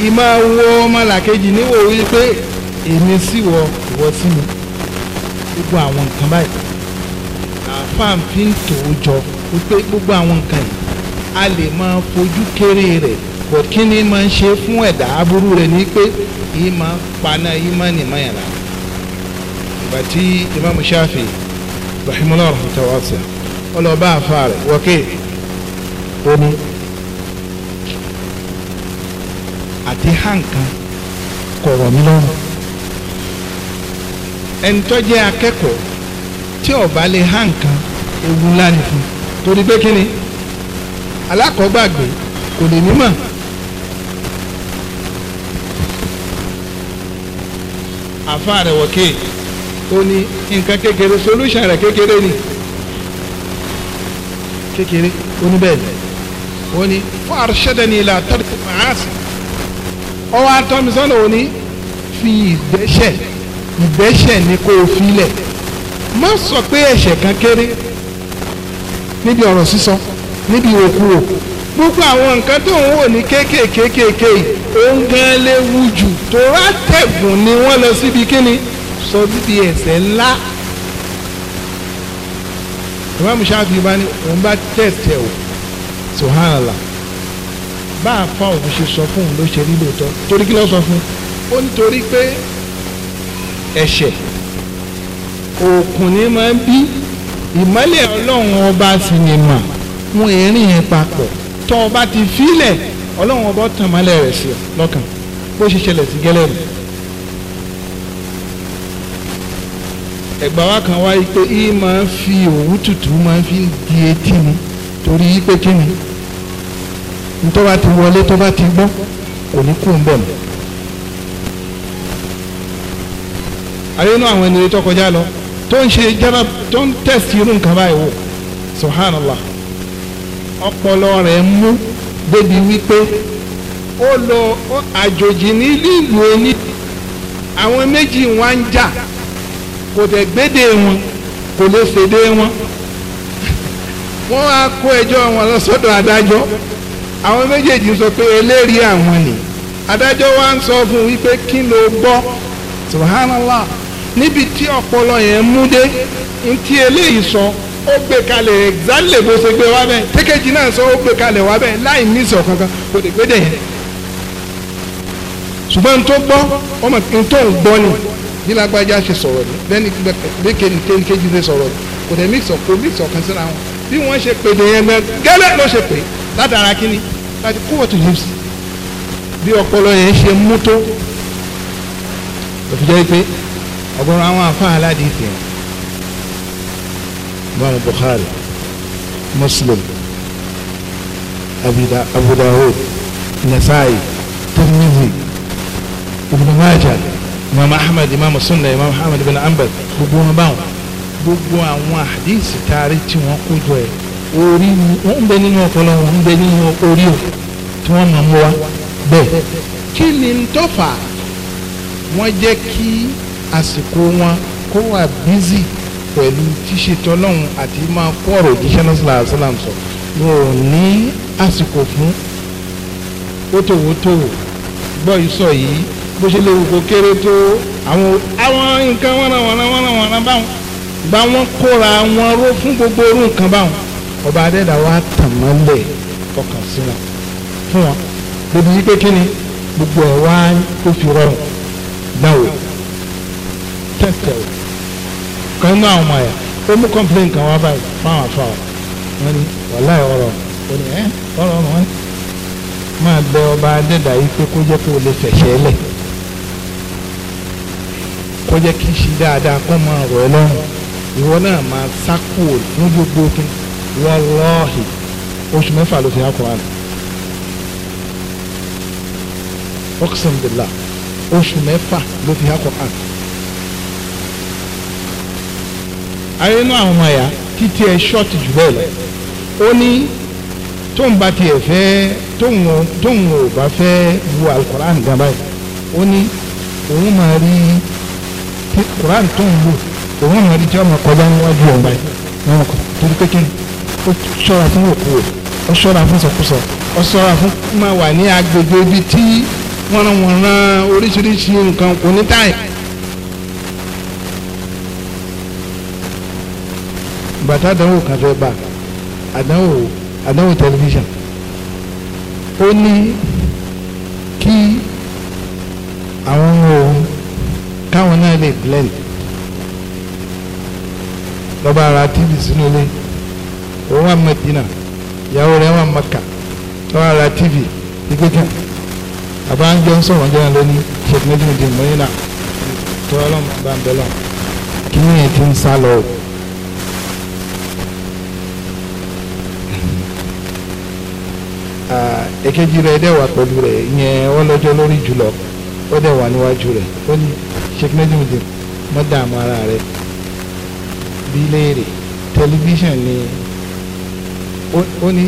ìmọ̀ wo ọmọlàkejì níwò wípé èmi sì wọ ìwọ sí mi gbogbo àwọn nǹkan báyìí àfáà fi ń tò ó jọ wípé gbogbo àwọn nǹkan yìí a lè máa fojú kéré rẹ̀ bọ̀ kí ni máa ń ṣe fún ẹ̀dá aburú rẹ̀ ní pé ìmọ̀ paná ìmọ̀ nìmọ̀ yàrá ìgbà tí imam shafi rahimahullah rahmatawasa ọlọ́ba àfààrẹ̀ wọ́kẹ́ omi àti hànkan kọ̀rọ̀ mi lọ́rùn ẹni tó jẹ́ akẹ́kọ̀ọ́ tí ó lè hànkan ewu ńlá fún torí pé kí ni kò lè nímọ̀. àfààrẹ̀ wọ́kẹ́ ó ní nǹkan kékeré solution rẹ̀ kékeré ni kékeré ó ní bẹ́ẹ̀ ó ní fún arṣẹ́dẹ̀ni ilà tọ́lùkù màásì ọwọ́ atọ́misọ́nà ó ní fi ìgbẹ́sẹ̀ ìgbẹ́sẹ̀ ní kó o filẹ̀ má sọ pé ẹ̀ṣẹ̀ kan kéré níbi ọ̀rọ̀ sísọ níbi ìwòkuwò gbogbo àwọn nǹkan tó ń wò ní kéékèèkéèké òun gan léwu jù tó rà tẹ̀gùn ni wọ́n lọ síbi kíni sọ bíbi ẹ̀ṣẹ̀ ńlá ìmáàmù Ṣáfi'í bá ní òun bá tẹ̀tẹ̀ o subhanallah bá a fa òun ṣe sọ fún òun ló ṣe rí lóòótọ́ torí kí ló sọ fún ó nítorí pé ẹ̀ṣẹ̀ òkùn ni máa ń bí ìmọ́lẹ̀ ọlọ́run ọba sì ni mà wọn èrin yẹn papọ̀ tọ́ ọba ti fílẹ̀ ọlọ́run ọba tàn mọ́lẹ̀ rẹ̀ sí ọ lọ́kàn bó ṣe ṣẹlẹ̀ sí gẹ́lẹ́ ẹ̀gbà wa kan wáyé pé í máa ń fi òwú tutù máa ń fi di etí ni torí pé kí tó bá ti wọlé tó bá ti gbọ́ kò ní kú bẹ̀ mọ́. àyínú àwọn ènìyàn tó kọjá lọ tó ń ṣe jábà tó ń tẹ̀sí irú nǹkan báyìí wò subhanallah ọpọlọ rẹ̀ mú débi wípé ó lọ àjòjì ní lílo ní àwọn méjì wá ń jà kò tẹ̀ gbédè wọn kò lè fèdè wọn wọ́n á kó ẹjọ́ wọn lọ sọ́dọ̀ adájọ́ àwọn méjèèjì sọ pé ẹlẹ́rìí àwọn ni adájọ́ wa ń sọ fún wípé kí ló gbọ́ subhanallah níbi tí ọpọlọ yẹn mú dé ntí eléyìí sọ ó gbé kalẹ̀ exactly bó ṣe gbé wá bẹ́ẹ̀ kékejì náà sọ ó gbé kalẹ̀ wá bẹ́ẹ̀ láì ní ìsọ̀ kankan kò lè gbé yẹn ṣùgbọ́n ntó gbọ́ ọmọ ntó ń gbọ́ ni bí lágbájá ṣe sọ̀rọ̀ ni bẹ́ẹ̀ni kéńkéjì ṣe sọ̀rọ̀ ni kò dẹ̀ mix ọ̀pọ̀ mix ọ̀kan síra wọn bí wọ́n ṣe pè ní ẹgbẹ́ gẹ́lẹ́ ló ṣe pè látara kínní láti kó wọ́n tó yẹ sí bí ọpọlọ yẹn ṣe mú tó òfin jẹ́ pé ọ̀gọ̀rọ̀ àwọn afá aládìí fi hàn imam bukhari muslim abu dawud nasai tirmidhi ibn majah imam ahmed imam sunna imam ahmed bin ambal gbogbo wọn báwọn gbogbo àwọn àdìsí taari tí wọn kó jọ ẹ orí wọn ń bẹ nínú ọpọlọ wọn ń bẹ nínú orí o tí wọn máa mú wa bẹ́ẹ̀ kí ni ń tọfà wọn jẹ kí àsìkò wọn kó wà bízì pẹ̀lú tíṣetọ́lọ́hún àti máa kó ọ̀rọ̀ òjíṣẹ́ náà sílá sílám sọ wọn ò ní àsìkò fún wótòwótò gbọ́ ìsọ yìí bó ṣe lè wù kó kéré tó àwọn àwọn nǹkan wọ́nà wọ́nà wọ́nà wọ́nà báwọn gba wọn kóra wọn ró fún gbogbo orú nǹkan báwọn ọba adẹ́dà wa tàn wọ́n lẹ̀ fọkàn sí wọn fún wọn bíbi wípé kí ni gbogbo ẹ̀ wá ó fi rọrùn gbàwé tẹ̀tẹ̀ o kan náà àwọn ọmọ ẹ̀ ó mú kọ́ńpìlẹ́ǹ kan wá báyìí fáwọn afáwọn wọn ni wàhálà ẹ̀ ọ̀rọ̀ wọn ni ẹ̀ ọ̀rọ̀ wọn ni máa bẹ ọba adẹ́dà yìí pé kó jẹ́ kó o lè fẹ̀ṣẹ̀ lẹ̀ kó jẹ́ kí ṣe dáadáa kó máa rọ̀ ẹ́ lọ́rùn ìwọ náà máa sákò ní gbogbo kí wọ́lọ́ọ̀hì oṣù mẹ́fà ló fi hàn kọ́ àná ọ̀ksẹ̀m bìlà oṣù mẹ́fà ló fi hàn kọ́ àná. ayé inú àwọn ọmọ ẹ̀yà títí ẹ ṣọ́ọ̀tì jù bẹ́ẹ̀ lọ ó ní tóun bá tiẹ̀ fẹ́ tóun ò bá fẹ́ bu alukóra nǹkan báyìí ó ní òun máa rí Quran tó ń lò òun àwọn ẹni tí wọn kọjá níwájú ọgbà yìí wọn kọ torí pé kí ni ó ṣọ́ra fún òkú o ó ṣọ́ra fún sọkúsọ ó ṣọ́ra fún máa wà ní agbègbè ibi tí wọn wọn rán oríṣiríṣi nǹkan kò ní táyì. bàtà àdánwò kan fẹ́ bá àdánwò àdánwò tẹlifíṣàn ó ní kí àwọn ọmọ lè blend lọ́ba ara tv sínú ilé òun wà Mẹ́dínà ìyàwó rẹ̀ wà Mẹ́kà lọ́ba ara tv ìgbéga bàbá ń jẹun sọ̀rọ̀ jẹun lónìí ṣètò méjì méjì mọ́yìn náà tó ọlọ́mọ bá ń bẹ lọ kí ni ẹ̀ ti ń sá lọ. èkejì rẹ̀ dẹ̀ wà pẹ̀lú rẹ̀ ìyẹn wọ́n lọ́jọ́ lórí jùlọ ó dẹ̀ wà níwájú rẹ̀ ó ní. Sheikh Najimudeen mọ́ dààmú ara rẹ̀ bí léèrè tẹlifíṣàn ni o ni,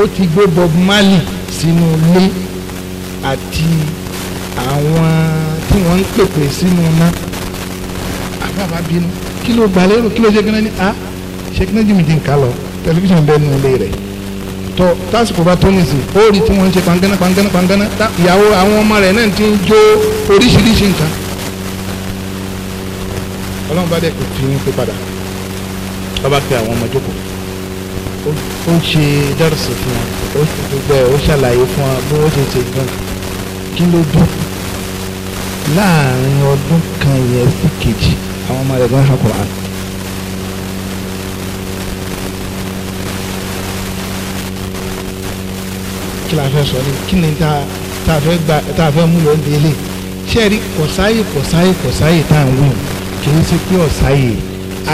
o ti gbé Bob Marley sínú ilé àti àwọn tí wọ́n ń pèpè sínú náà àbábá bínú kí ló gbà lérò kí ló ṣe gánà ní a Sheikh Najimudeen ká lọ tẹlifíṣàn bẹ́ẹ̀ nù ilé rẹ̀ tọ tásìkò bá tó nìsín ó rí tí wọ́n ń ṣe pangánná pangánná pangánná ìyàwó àwọn ọmọ rẹ̀ náà ti ń jó oríṣiríṣi nǹkan ọlọ́run bá dẹ̀ kò fi yín pé padà ọba pe àwọn ọmọ jókòó ó ń ṣe dárúsì fún wọn ó ṣe gbogbo ẹ̀ ó ṣàlàyé fún wọn bí wọ́n ṣe ṣe gan kí ló dún láàrin ọdún kan yẹn sí kejì àwọn ọmọ rẹ̀ gan ṣàkóra. kí la fẹ́ sọ ni kí ni tá a fẹ́ gba tá a fẹ́ mú lọ́ọ́ délé ṣé ẹ rí kọ̀sáyè kọ̀sáyè kọ̀sáyè tá à ń wí kì í ṣe pé ọ̀sáyè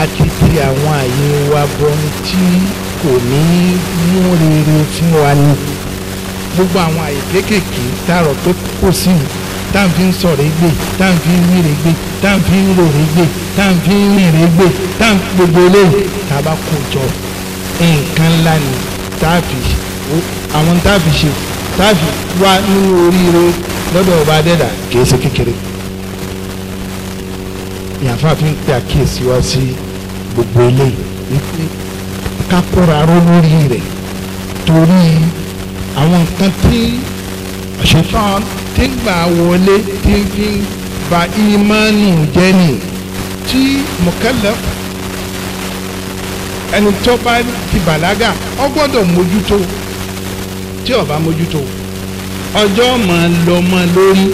a ti ti àwọn àyè wa bọnu tí kò ní mú rere fún wa ni gbogbo àwọn àyè kéékèèké tààrọ̀ tó kó sí i tá n fi ń sọ̀rọ̀ gbé tá n fi ń rírẹ̀ gbé tá fi ń rọ̀rẹ̀ gbé tá fi ń rìnrẹ̀ gbé tá n gbogbo eléyìí tá a jọ nǹkan ńlá ni tá fi àwọn tá fi ṣe tá fi wá nínú oríire lọ́dọ̀ ọba adẹ́dà kì í ṣe kékeré ìyàfa fi ń pe àkíyèsí wa sí gbogbo eléyìí wípé ká kóra ró lórí rẹ̀ torí àwọn nǹkan tí àṣetán tí ń gbà wọlé tí ń fi ba ìmánì jẹ́ nì tí mọ̀kẹ́lẹ́ ẹni tó bá ti bàlágà ọ gbọ́dọ̀ mójútó tí ó mójútó ọjọ́ máa lọ mọ́ lórí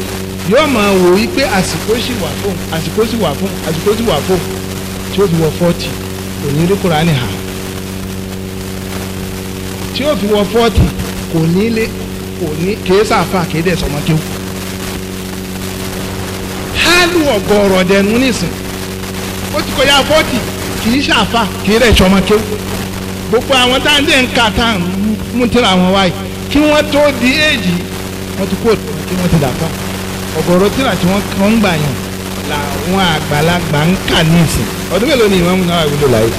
yóò máa wò wípé àsìkò sì wà fún àsìkò sì wà fún àsìkò sì wà fún tí ó fi wọ fọ́ọ̀tì kò ní rí kúránì hà tí ó fi wọ fọ́ọ̀tì kò ní lé kò ní kèé sàfà kèé dẹ̀ sọmọkéwò hálù ọ̀gọ̀ọ̀rọ̀ dẹnu nísìn ó ti kọjá fọ́ọ̀tì kìí ṣàfà kìí rẹ̀ ṣọmọ kéwù gbogbo àwọn tá ń ka tá mú tíra àwọn wáyé kí wọ́n tó di éèjì wọ́n ti kó kí wọ́n ti dàgbà ọ̀gọ̀rọ̀ tíra tí wọ́n kàn ń gbà yàn làwọn àgbàlagbà ń kà ní ìsìn ọdún mélòó ni ìmọ̀ náà wúlò láyé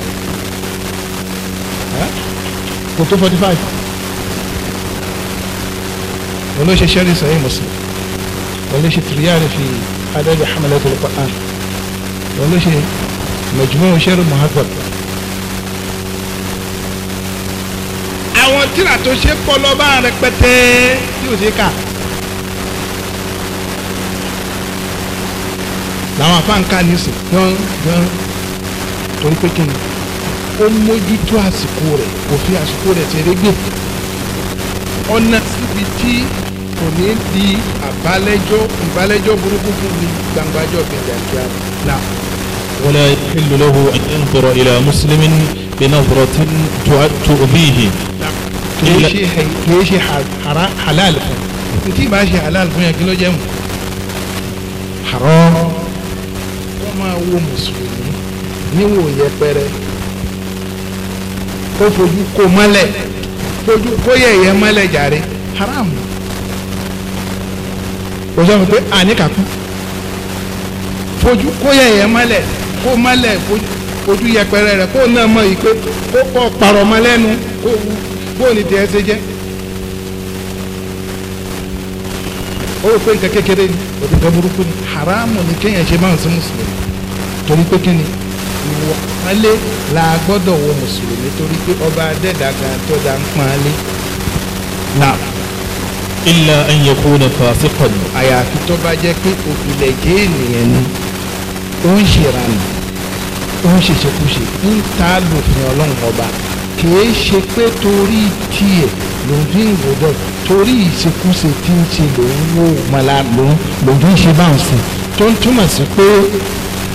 kò tó forty five olóṣè sẹ́rí sahih Muslim olóṣè tìrìyàrì fi adẹ́jọ́ hamalatul Qur'an olóṣè majmu' sẹ́rí muhabbab. àwọn tíra tó ṣe pọ̀ lọ́ba rẹpẹtẹ tí o ti kà. làwọn afáǹkà nísìn gán gán torí pé kí ni ó mójútó àsìkò rẹ̀ kò fi àsìkò rẹ̀ tẹ̀lé gbè ọ̀nà síbi tí kò ní di àbálẹ́jọ́ ìbálẹ́jọ́ burúkú fún mi gbangbajọ́ gbẹ̀dẹ̀ kíá ولا يحل له أن ينظر إلى مسلم بنظرة تؤذيه. kìí ṣe halal fún un tí bá ṣe halal fún yẹn kí ló jẹ́ máa wo mùsùlùmí níwò yẹpẹrẹ kó fojú kó mọ́lẹ̀ fojú kó yẹ̀yẹ́ mọ́lẹ̀ jàre haram kò sọ́mi pé àníkàkú fojú kó yẹ̀yẹ́ mọ́lẹ̀ kó mọ́lẹ̀ fojú yẹpẹrẹ rẹ̀ kó náà mọ̀ yìí pé kó kọ́ parọ́ mọ́ lẹ́nu kó wú kó ní tiẹ̀ ṣe jẹ́ ó rò pé nǹkan kékeré ni òdìgbẹ́ burúkú ni haramu ni kéèyàn ṣe máa ń sin mùsùlùmí torí pé kí ni ìwọ pálé la gbọ́dọ̀ wọ mùsùlùmí torí pé ọba adẹ́dàgà tó dá ń pọn alé. illa an yakuna fasiqan. àyàfi tó bá jẹ́ pé òbílẹ̀ gé ènìyàn ni ó ń ṣèrànà ó ń ṣèṣekúṣe ń ta lòfin ọlọ́run ọba kìí ṣe pé torí tiẹ̀ lòun fi ń gbọ́dọ̀ torí ìṣekúṣe tí ń ṣe lòun wò mọ́lá lòun lòun fi ń ṣe báwọn sí tó ń túmọ̀ sí pé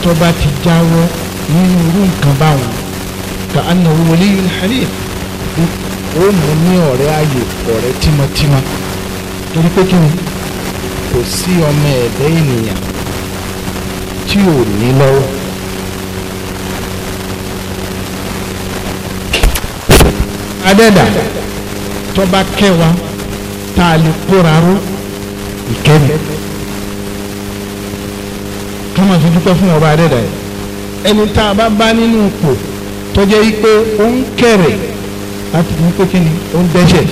tó bá ti jáwọ́ nínú irú nǹkan báwọn ka annahu waliyyun halim ó mú ní ọ̀rẹ́ ayò ọ̀rẹ́ tímọ́tímọ́ torí pé kí ni kò sí ọmọ ẹ̀dẹ́ ènìyàn tí ò ní lọ́wọ́. adẹ́dà tó kẹwàá tá a lè kóra ró ìkẹ́ni ká máa fi dúpẹ́ fún ọba adẹ́dà yìí ẹni tá a bá bá nínú ipò tó jẹ́ wípé ó ń kẹ̀rẹ̀ láti fi pé kí ni ó ń dẹ́ṣẹ̀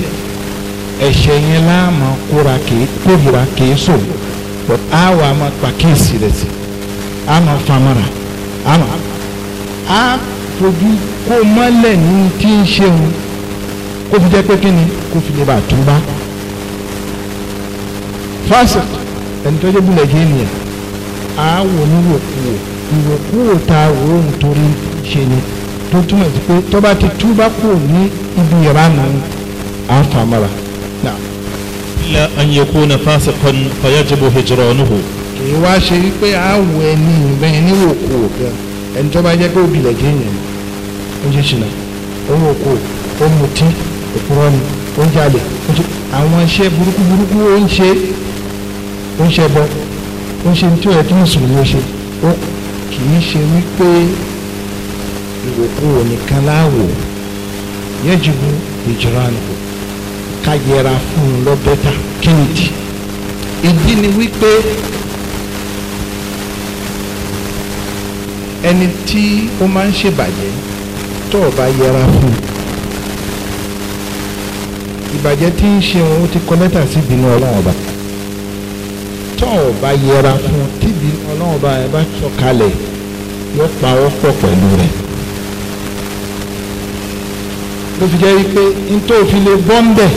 ẹ̀ṣẹ̀ yẹn láàmú kóra kìí kórìíra kìí sò but á wà máa pàkíyèsí rẹ̀ sí á máa famara á máa á fojú kó mọ́lẹ̀ ní tí ń ṣeun kó fi jẹ́ pé kí ni kó fi lè bàtúbá fásitì ẹni tó jẹ́ bùlẹ̀ yé nìyẹn àáwò níwòkuwò ìwòkuwò tá a wò ó nítorí ṣe ni tó túmọ̀ sí pé tó bá ti tú bá kù ní ibi yàrá náà à ń fà mọ́ra. ilà ànyẹ̀kú na fásikọ́n fàyàjìbò hijrọ̀ ọ̀nùhù. kì í wá ṣe wípé àáwò ẹni ìbẹ́ ẹni wòkuwò ẹni tó jẹ́ pé òbí lẹ̀jẹ̀ yẹn ó ṣe ṣìnà ó wòkuwò ó mutí òpùrọ̀ ni ó jalè àwọn iṣẹ́ burúkú burúkú ó ń ṣe ó ń ṣe bọ́ ó ṣe tí ó yẹ kí mùsùlùmí ṣe ó kì í ṣe wípé ìwòkuwò nìkan láwò yẹjibu ìjìránù ká yẹra fún un lọ́bẹ̀tà kínìtì ìdí ni wípé ẹni tí ó máa ń ṣèbàjẹ́ tó o bá yẹra fún un ìbàjẹ́ tí ń ṣe wọn ó ti kọ́ lẹ́tà sí ìbínú ọlọ́run ọba tọ́ ọ bá yẹra fún tíbi ọlọ́run bá ẹ bá sọ̀kalẹ̀ yóò pa ọ́ pọ̀ pẹ̀lú rẹ̀ ló fi jẹ́ wípé nítorí òfin lè bọ́ ń bẹ̀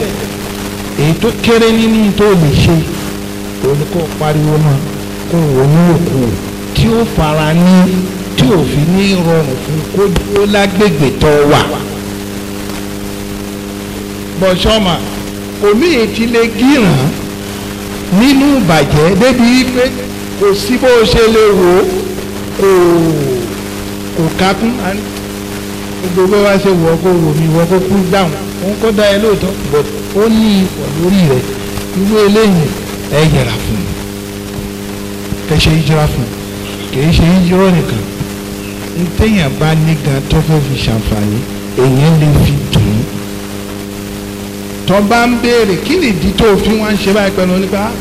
èyí tó kéré nínú nítorí lè ṣe òun kò pariwo náà kó ronú òkú tí ó fara ní tí òfin ní rọrùn fún kó dúró lágbègbè tó wà bọ̀ṣọ́mà omi ètí lè gíràn nínú ìbàjẹ́ débi wípé kò sí bó o ṣe lè wò ó kò kò kákún gbogbo bá ṣe wọ́ kó wò mí wọ́ kó kú dáhùn òun kó dá ẹ lóòótọ́ but ó ní ipò lórí rẹ irú eléyìí ẹ yẹra fún un kẹ ṣe ìjọra fún un kìí ṣe ìjọra nìkan ntẹ̀yìn bá ní tó fẹ́ fi ṣàǹfààní èèyàn lè fi dùn tó bá ń béèrè kí nìdí tó fi wọ́n ń ṣe báyìí pẹ̀lú nípa ah,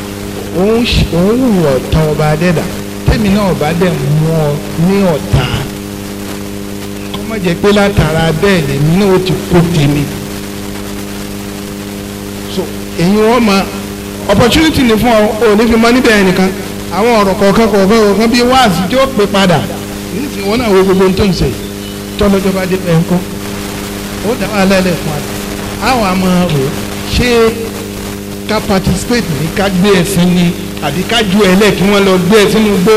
òun wù ọ̀tá ọba adẹ́dà tèmi náà ọba dẹ̀ mú ọ ní ọ̀tá kọ́mọ pé látara bẹ́ẹ̀ lèmi náà ó ti kó tèmi so èyí wọ́n máa opportunity ni fún ọ ò ní fi mọ níbẹ̀ nìkan àwọn ọ̀rọ̀ kọ̀ọ̀kan kọ̀ọ̀kan kọ̀ọ̀kan bíi wáàsí tí ó pè padà nísìnyí wọn náà wo gbogbo ohun tó ń ṣe tọ́lọ́jọba dé pẹ́ ńkọ́ ó dá wàhálà ẹlẹ́fun àti àwọn àmọ́ rò ṣé ká participate ní ká gbé ẹ̀sìn ni àbí ká ju ẹlẹ́ kí wọ́n lọ gbé ẹ sínú gbó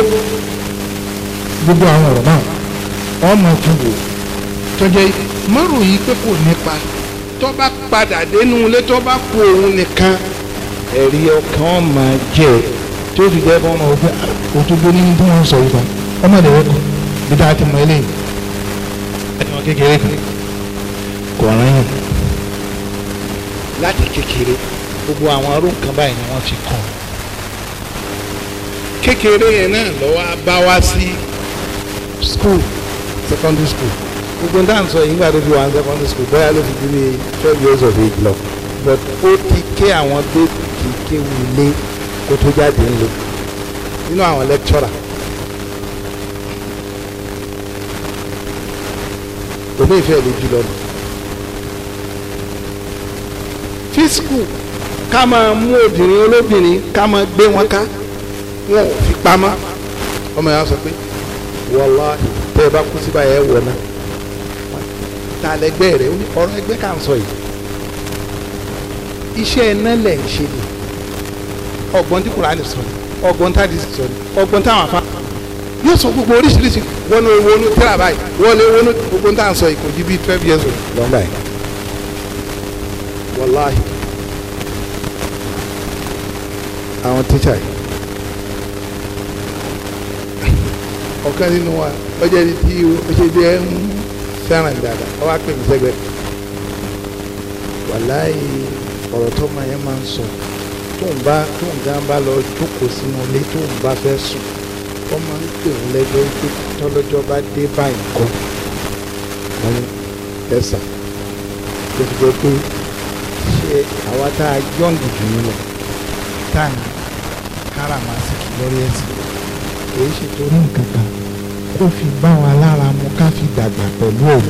gbogbo àwọn ọ̀rọ̀ náà ọmọ tún wò tọ́jẹ́ márùn yìí pé kò nípa tó bá padà dénú ilé tó bá kó òun nìkan ẹ̀rí ọkàn máa jẹ tó fi jẹ́ bọ́n máa wọ pé ah, òtún gbóni ní bí wọ́n sọ yìí kan ọmọ ìdẹ̀wẹ́ kan bí dáa ti mọ eléyìí ẹni wọn kékeré kan kò rán yàn kékeré gbogbo àwọn arú nǹkan báyìí ni wọ́n fi kàn kékeré yẹn náà lọ bá wá sí school secondary school gbogbo ń dáhùn sọ yìí nígbà tó fi wà ní secondary school bóyá ló fi dúró twelve years of age lọ but ó ti ké àwọn bébì kékeré ilé kó tó jáde ńlẹ nínú àwọn lecturer òmíì fẹ́ẹ́ lè jù lọ físíkù ká máa mú obìnrin olóbìnrin ká máa gbé wọn ká wọn ò fi pamọ́ ọmọ yẹn sọ pé wàláhì tẹ́ ẹ bá kú síbà ẹ wọ̀ náà ta lẹgbẹ́ rẹ ọ̀rọ̀ ẹgbẹ́ kà ń sọ yìí iṣẹ́ iná lẹ̀ ń ṣe ni ọgbọ́n tí Kùránì sọ ni ọgbọ́n tá a di sọ ni ọgbọ́n táwọn afá yóò sọ gbogbo oríṣiríṣi wọn ò wọnú tíra báyìí wọn ò wọnú gbogbo tá à ń sọ yìí kò ju bíi twelve years old lọ́n báyìí wàláhì àwọn tíṣà yìí ọ̀kan nínú wa ó jẹ́ ní tí ó ṣe jẹ́ ń fẹ́ràn dada ó wá pè mí sẹ́gbẹ́ wàláyé ọ̀rọ̀ tó máa yẹn máa ń sọ tóun bá tóun gan bá lọ jókòó sínú ilé tóun bá fẹ́ sùn ó máa ń pè ń lẹ́jọ́ pé tọ́lọ́jọ́ bá dé báyìí kọ́ wọn ẹ̀sà tó fi jẹ́ pé ṣé àwa tá a yọ̀ǹgì jù yín sára máa sì kí lórí ẹ̀sìn kì í ṣe torí nǹkan kan kó fi bá wa lára mu ká fi dàgbà pẹ̀lú òun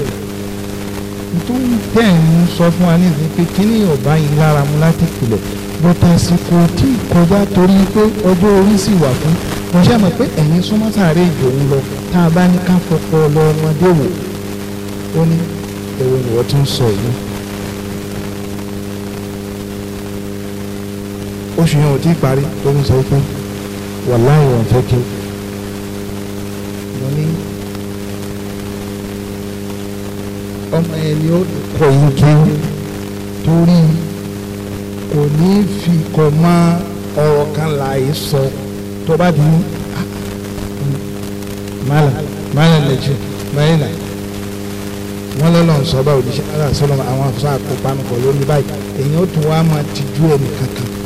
nítorí tẹ́ ẹ̀ ń sọ fún wa nísìnyí pé kíní ọ̀bá yìí lára mu láti pilẹ̀ bọ́tà àsìkò tí kọjá torí pé ọjọ́ orí sì wà fún mo ṣe mọ̀ pé ẹ̀yin súnmọ́ sàárè ìjòhún lọ tá a bá ní ká fọpọ́ lọ ọmọdé wò ó ní ẹ̀rọ ìwọ́ tó sọ yìí. oṣù yẹn ò tí ì parí ló ń sọ pé wàláhì wọn fẹ́ kí mo ní ọmọ yẹn ni ó kọ yín kí torí kò ní fi kọ mọ ọ̀rọ̀ kan láàyè sọ tó bá di mala mala lẹjẹ mala wọn lọlọ ń sọ bá òjíṣẹ́ aláṣọlọ àwọn afọ àkópa nìkan lórí báyìí èyí ó tún wá máa tijú ẹnì kankan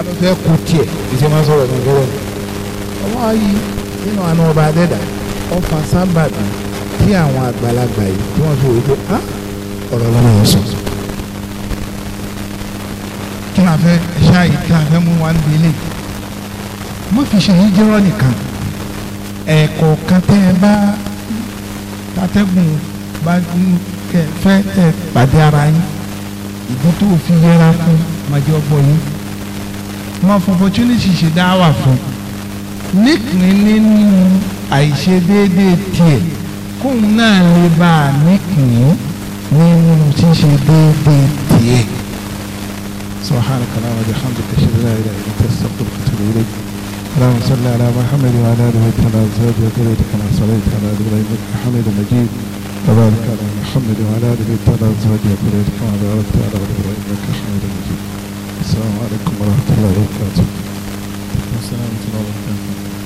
alọ́fẹ́ kú tiẹ̀ ìṣe máa sọ̀rọ̀ nàìjíríà ọwọ́ yìí nínú àna ọba adẹ́dà ọfà sábàbí tí àwọn àgbàlagbà yìí tí wọ́n fi wò pé á ah, ọ̀rọ̀ lọ́wọ́ yẹn sọ. kí la fẹ́ ṣá yìí kí la fẹ́ mú wa níbi ilé mo fi ṣe yìí jẹ́rọ́ nìkan ẹ̀kọ́ kan tẹ́ ẹ bá tatẹ́gùn bá kẹ fẹ́ tẹ pàdé ara yín ìdí tó fi yẹra fún màjẹ́ ọgbọ́n yín wọn fún opportunity ṣe dá wà fún nípìn nínú àìṣedéédéé tiẹ̀ kóun náà lè bá a nípìn nínú ṣíṣe déédéé tiẹ̀. سبحانك اللهم وبحمدك اشهد ان لا اله الا انت استغفرك واتوب اليك اللهم صل على محمد وعلى ال بيت على ازواجه وذريته كما صليت على ال ابراهيم انك حميد مجيد وبارك على محمد وعلى ال بيت على ازواجه وذريته كما باركت على ال ابراهيم انك حميد مجيد السلام عليكم ورحمة الله وبركاته السلام ورحمة الله وبركاته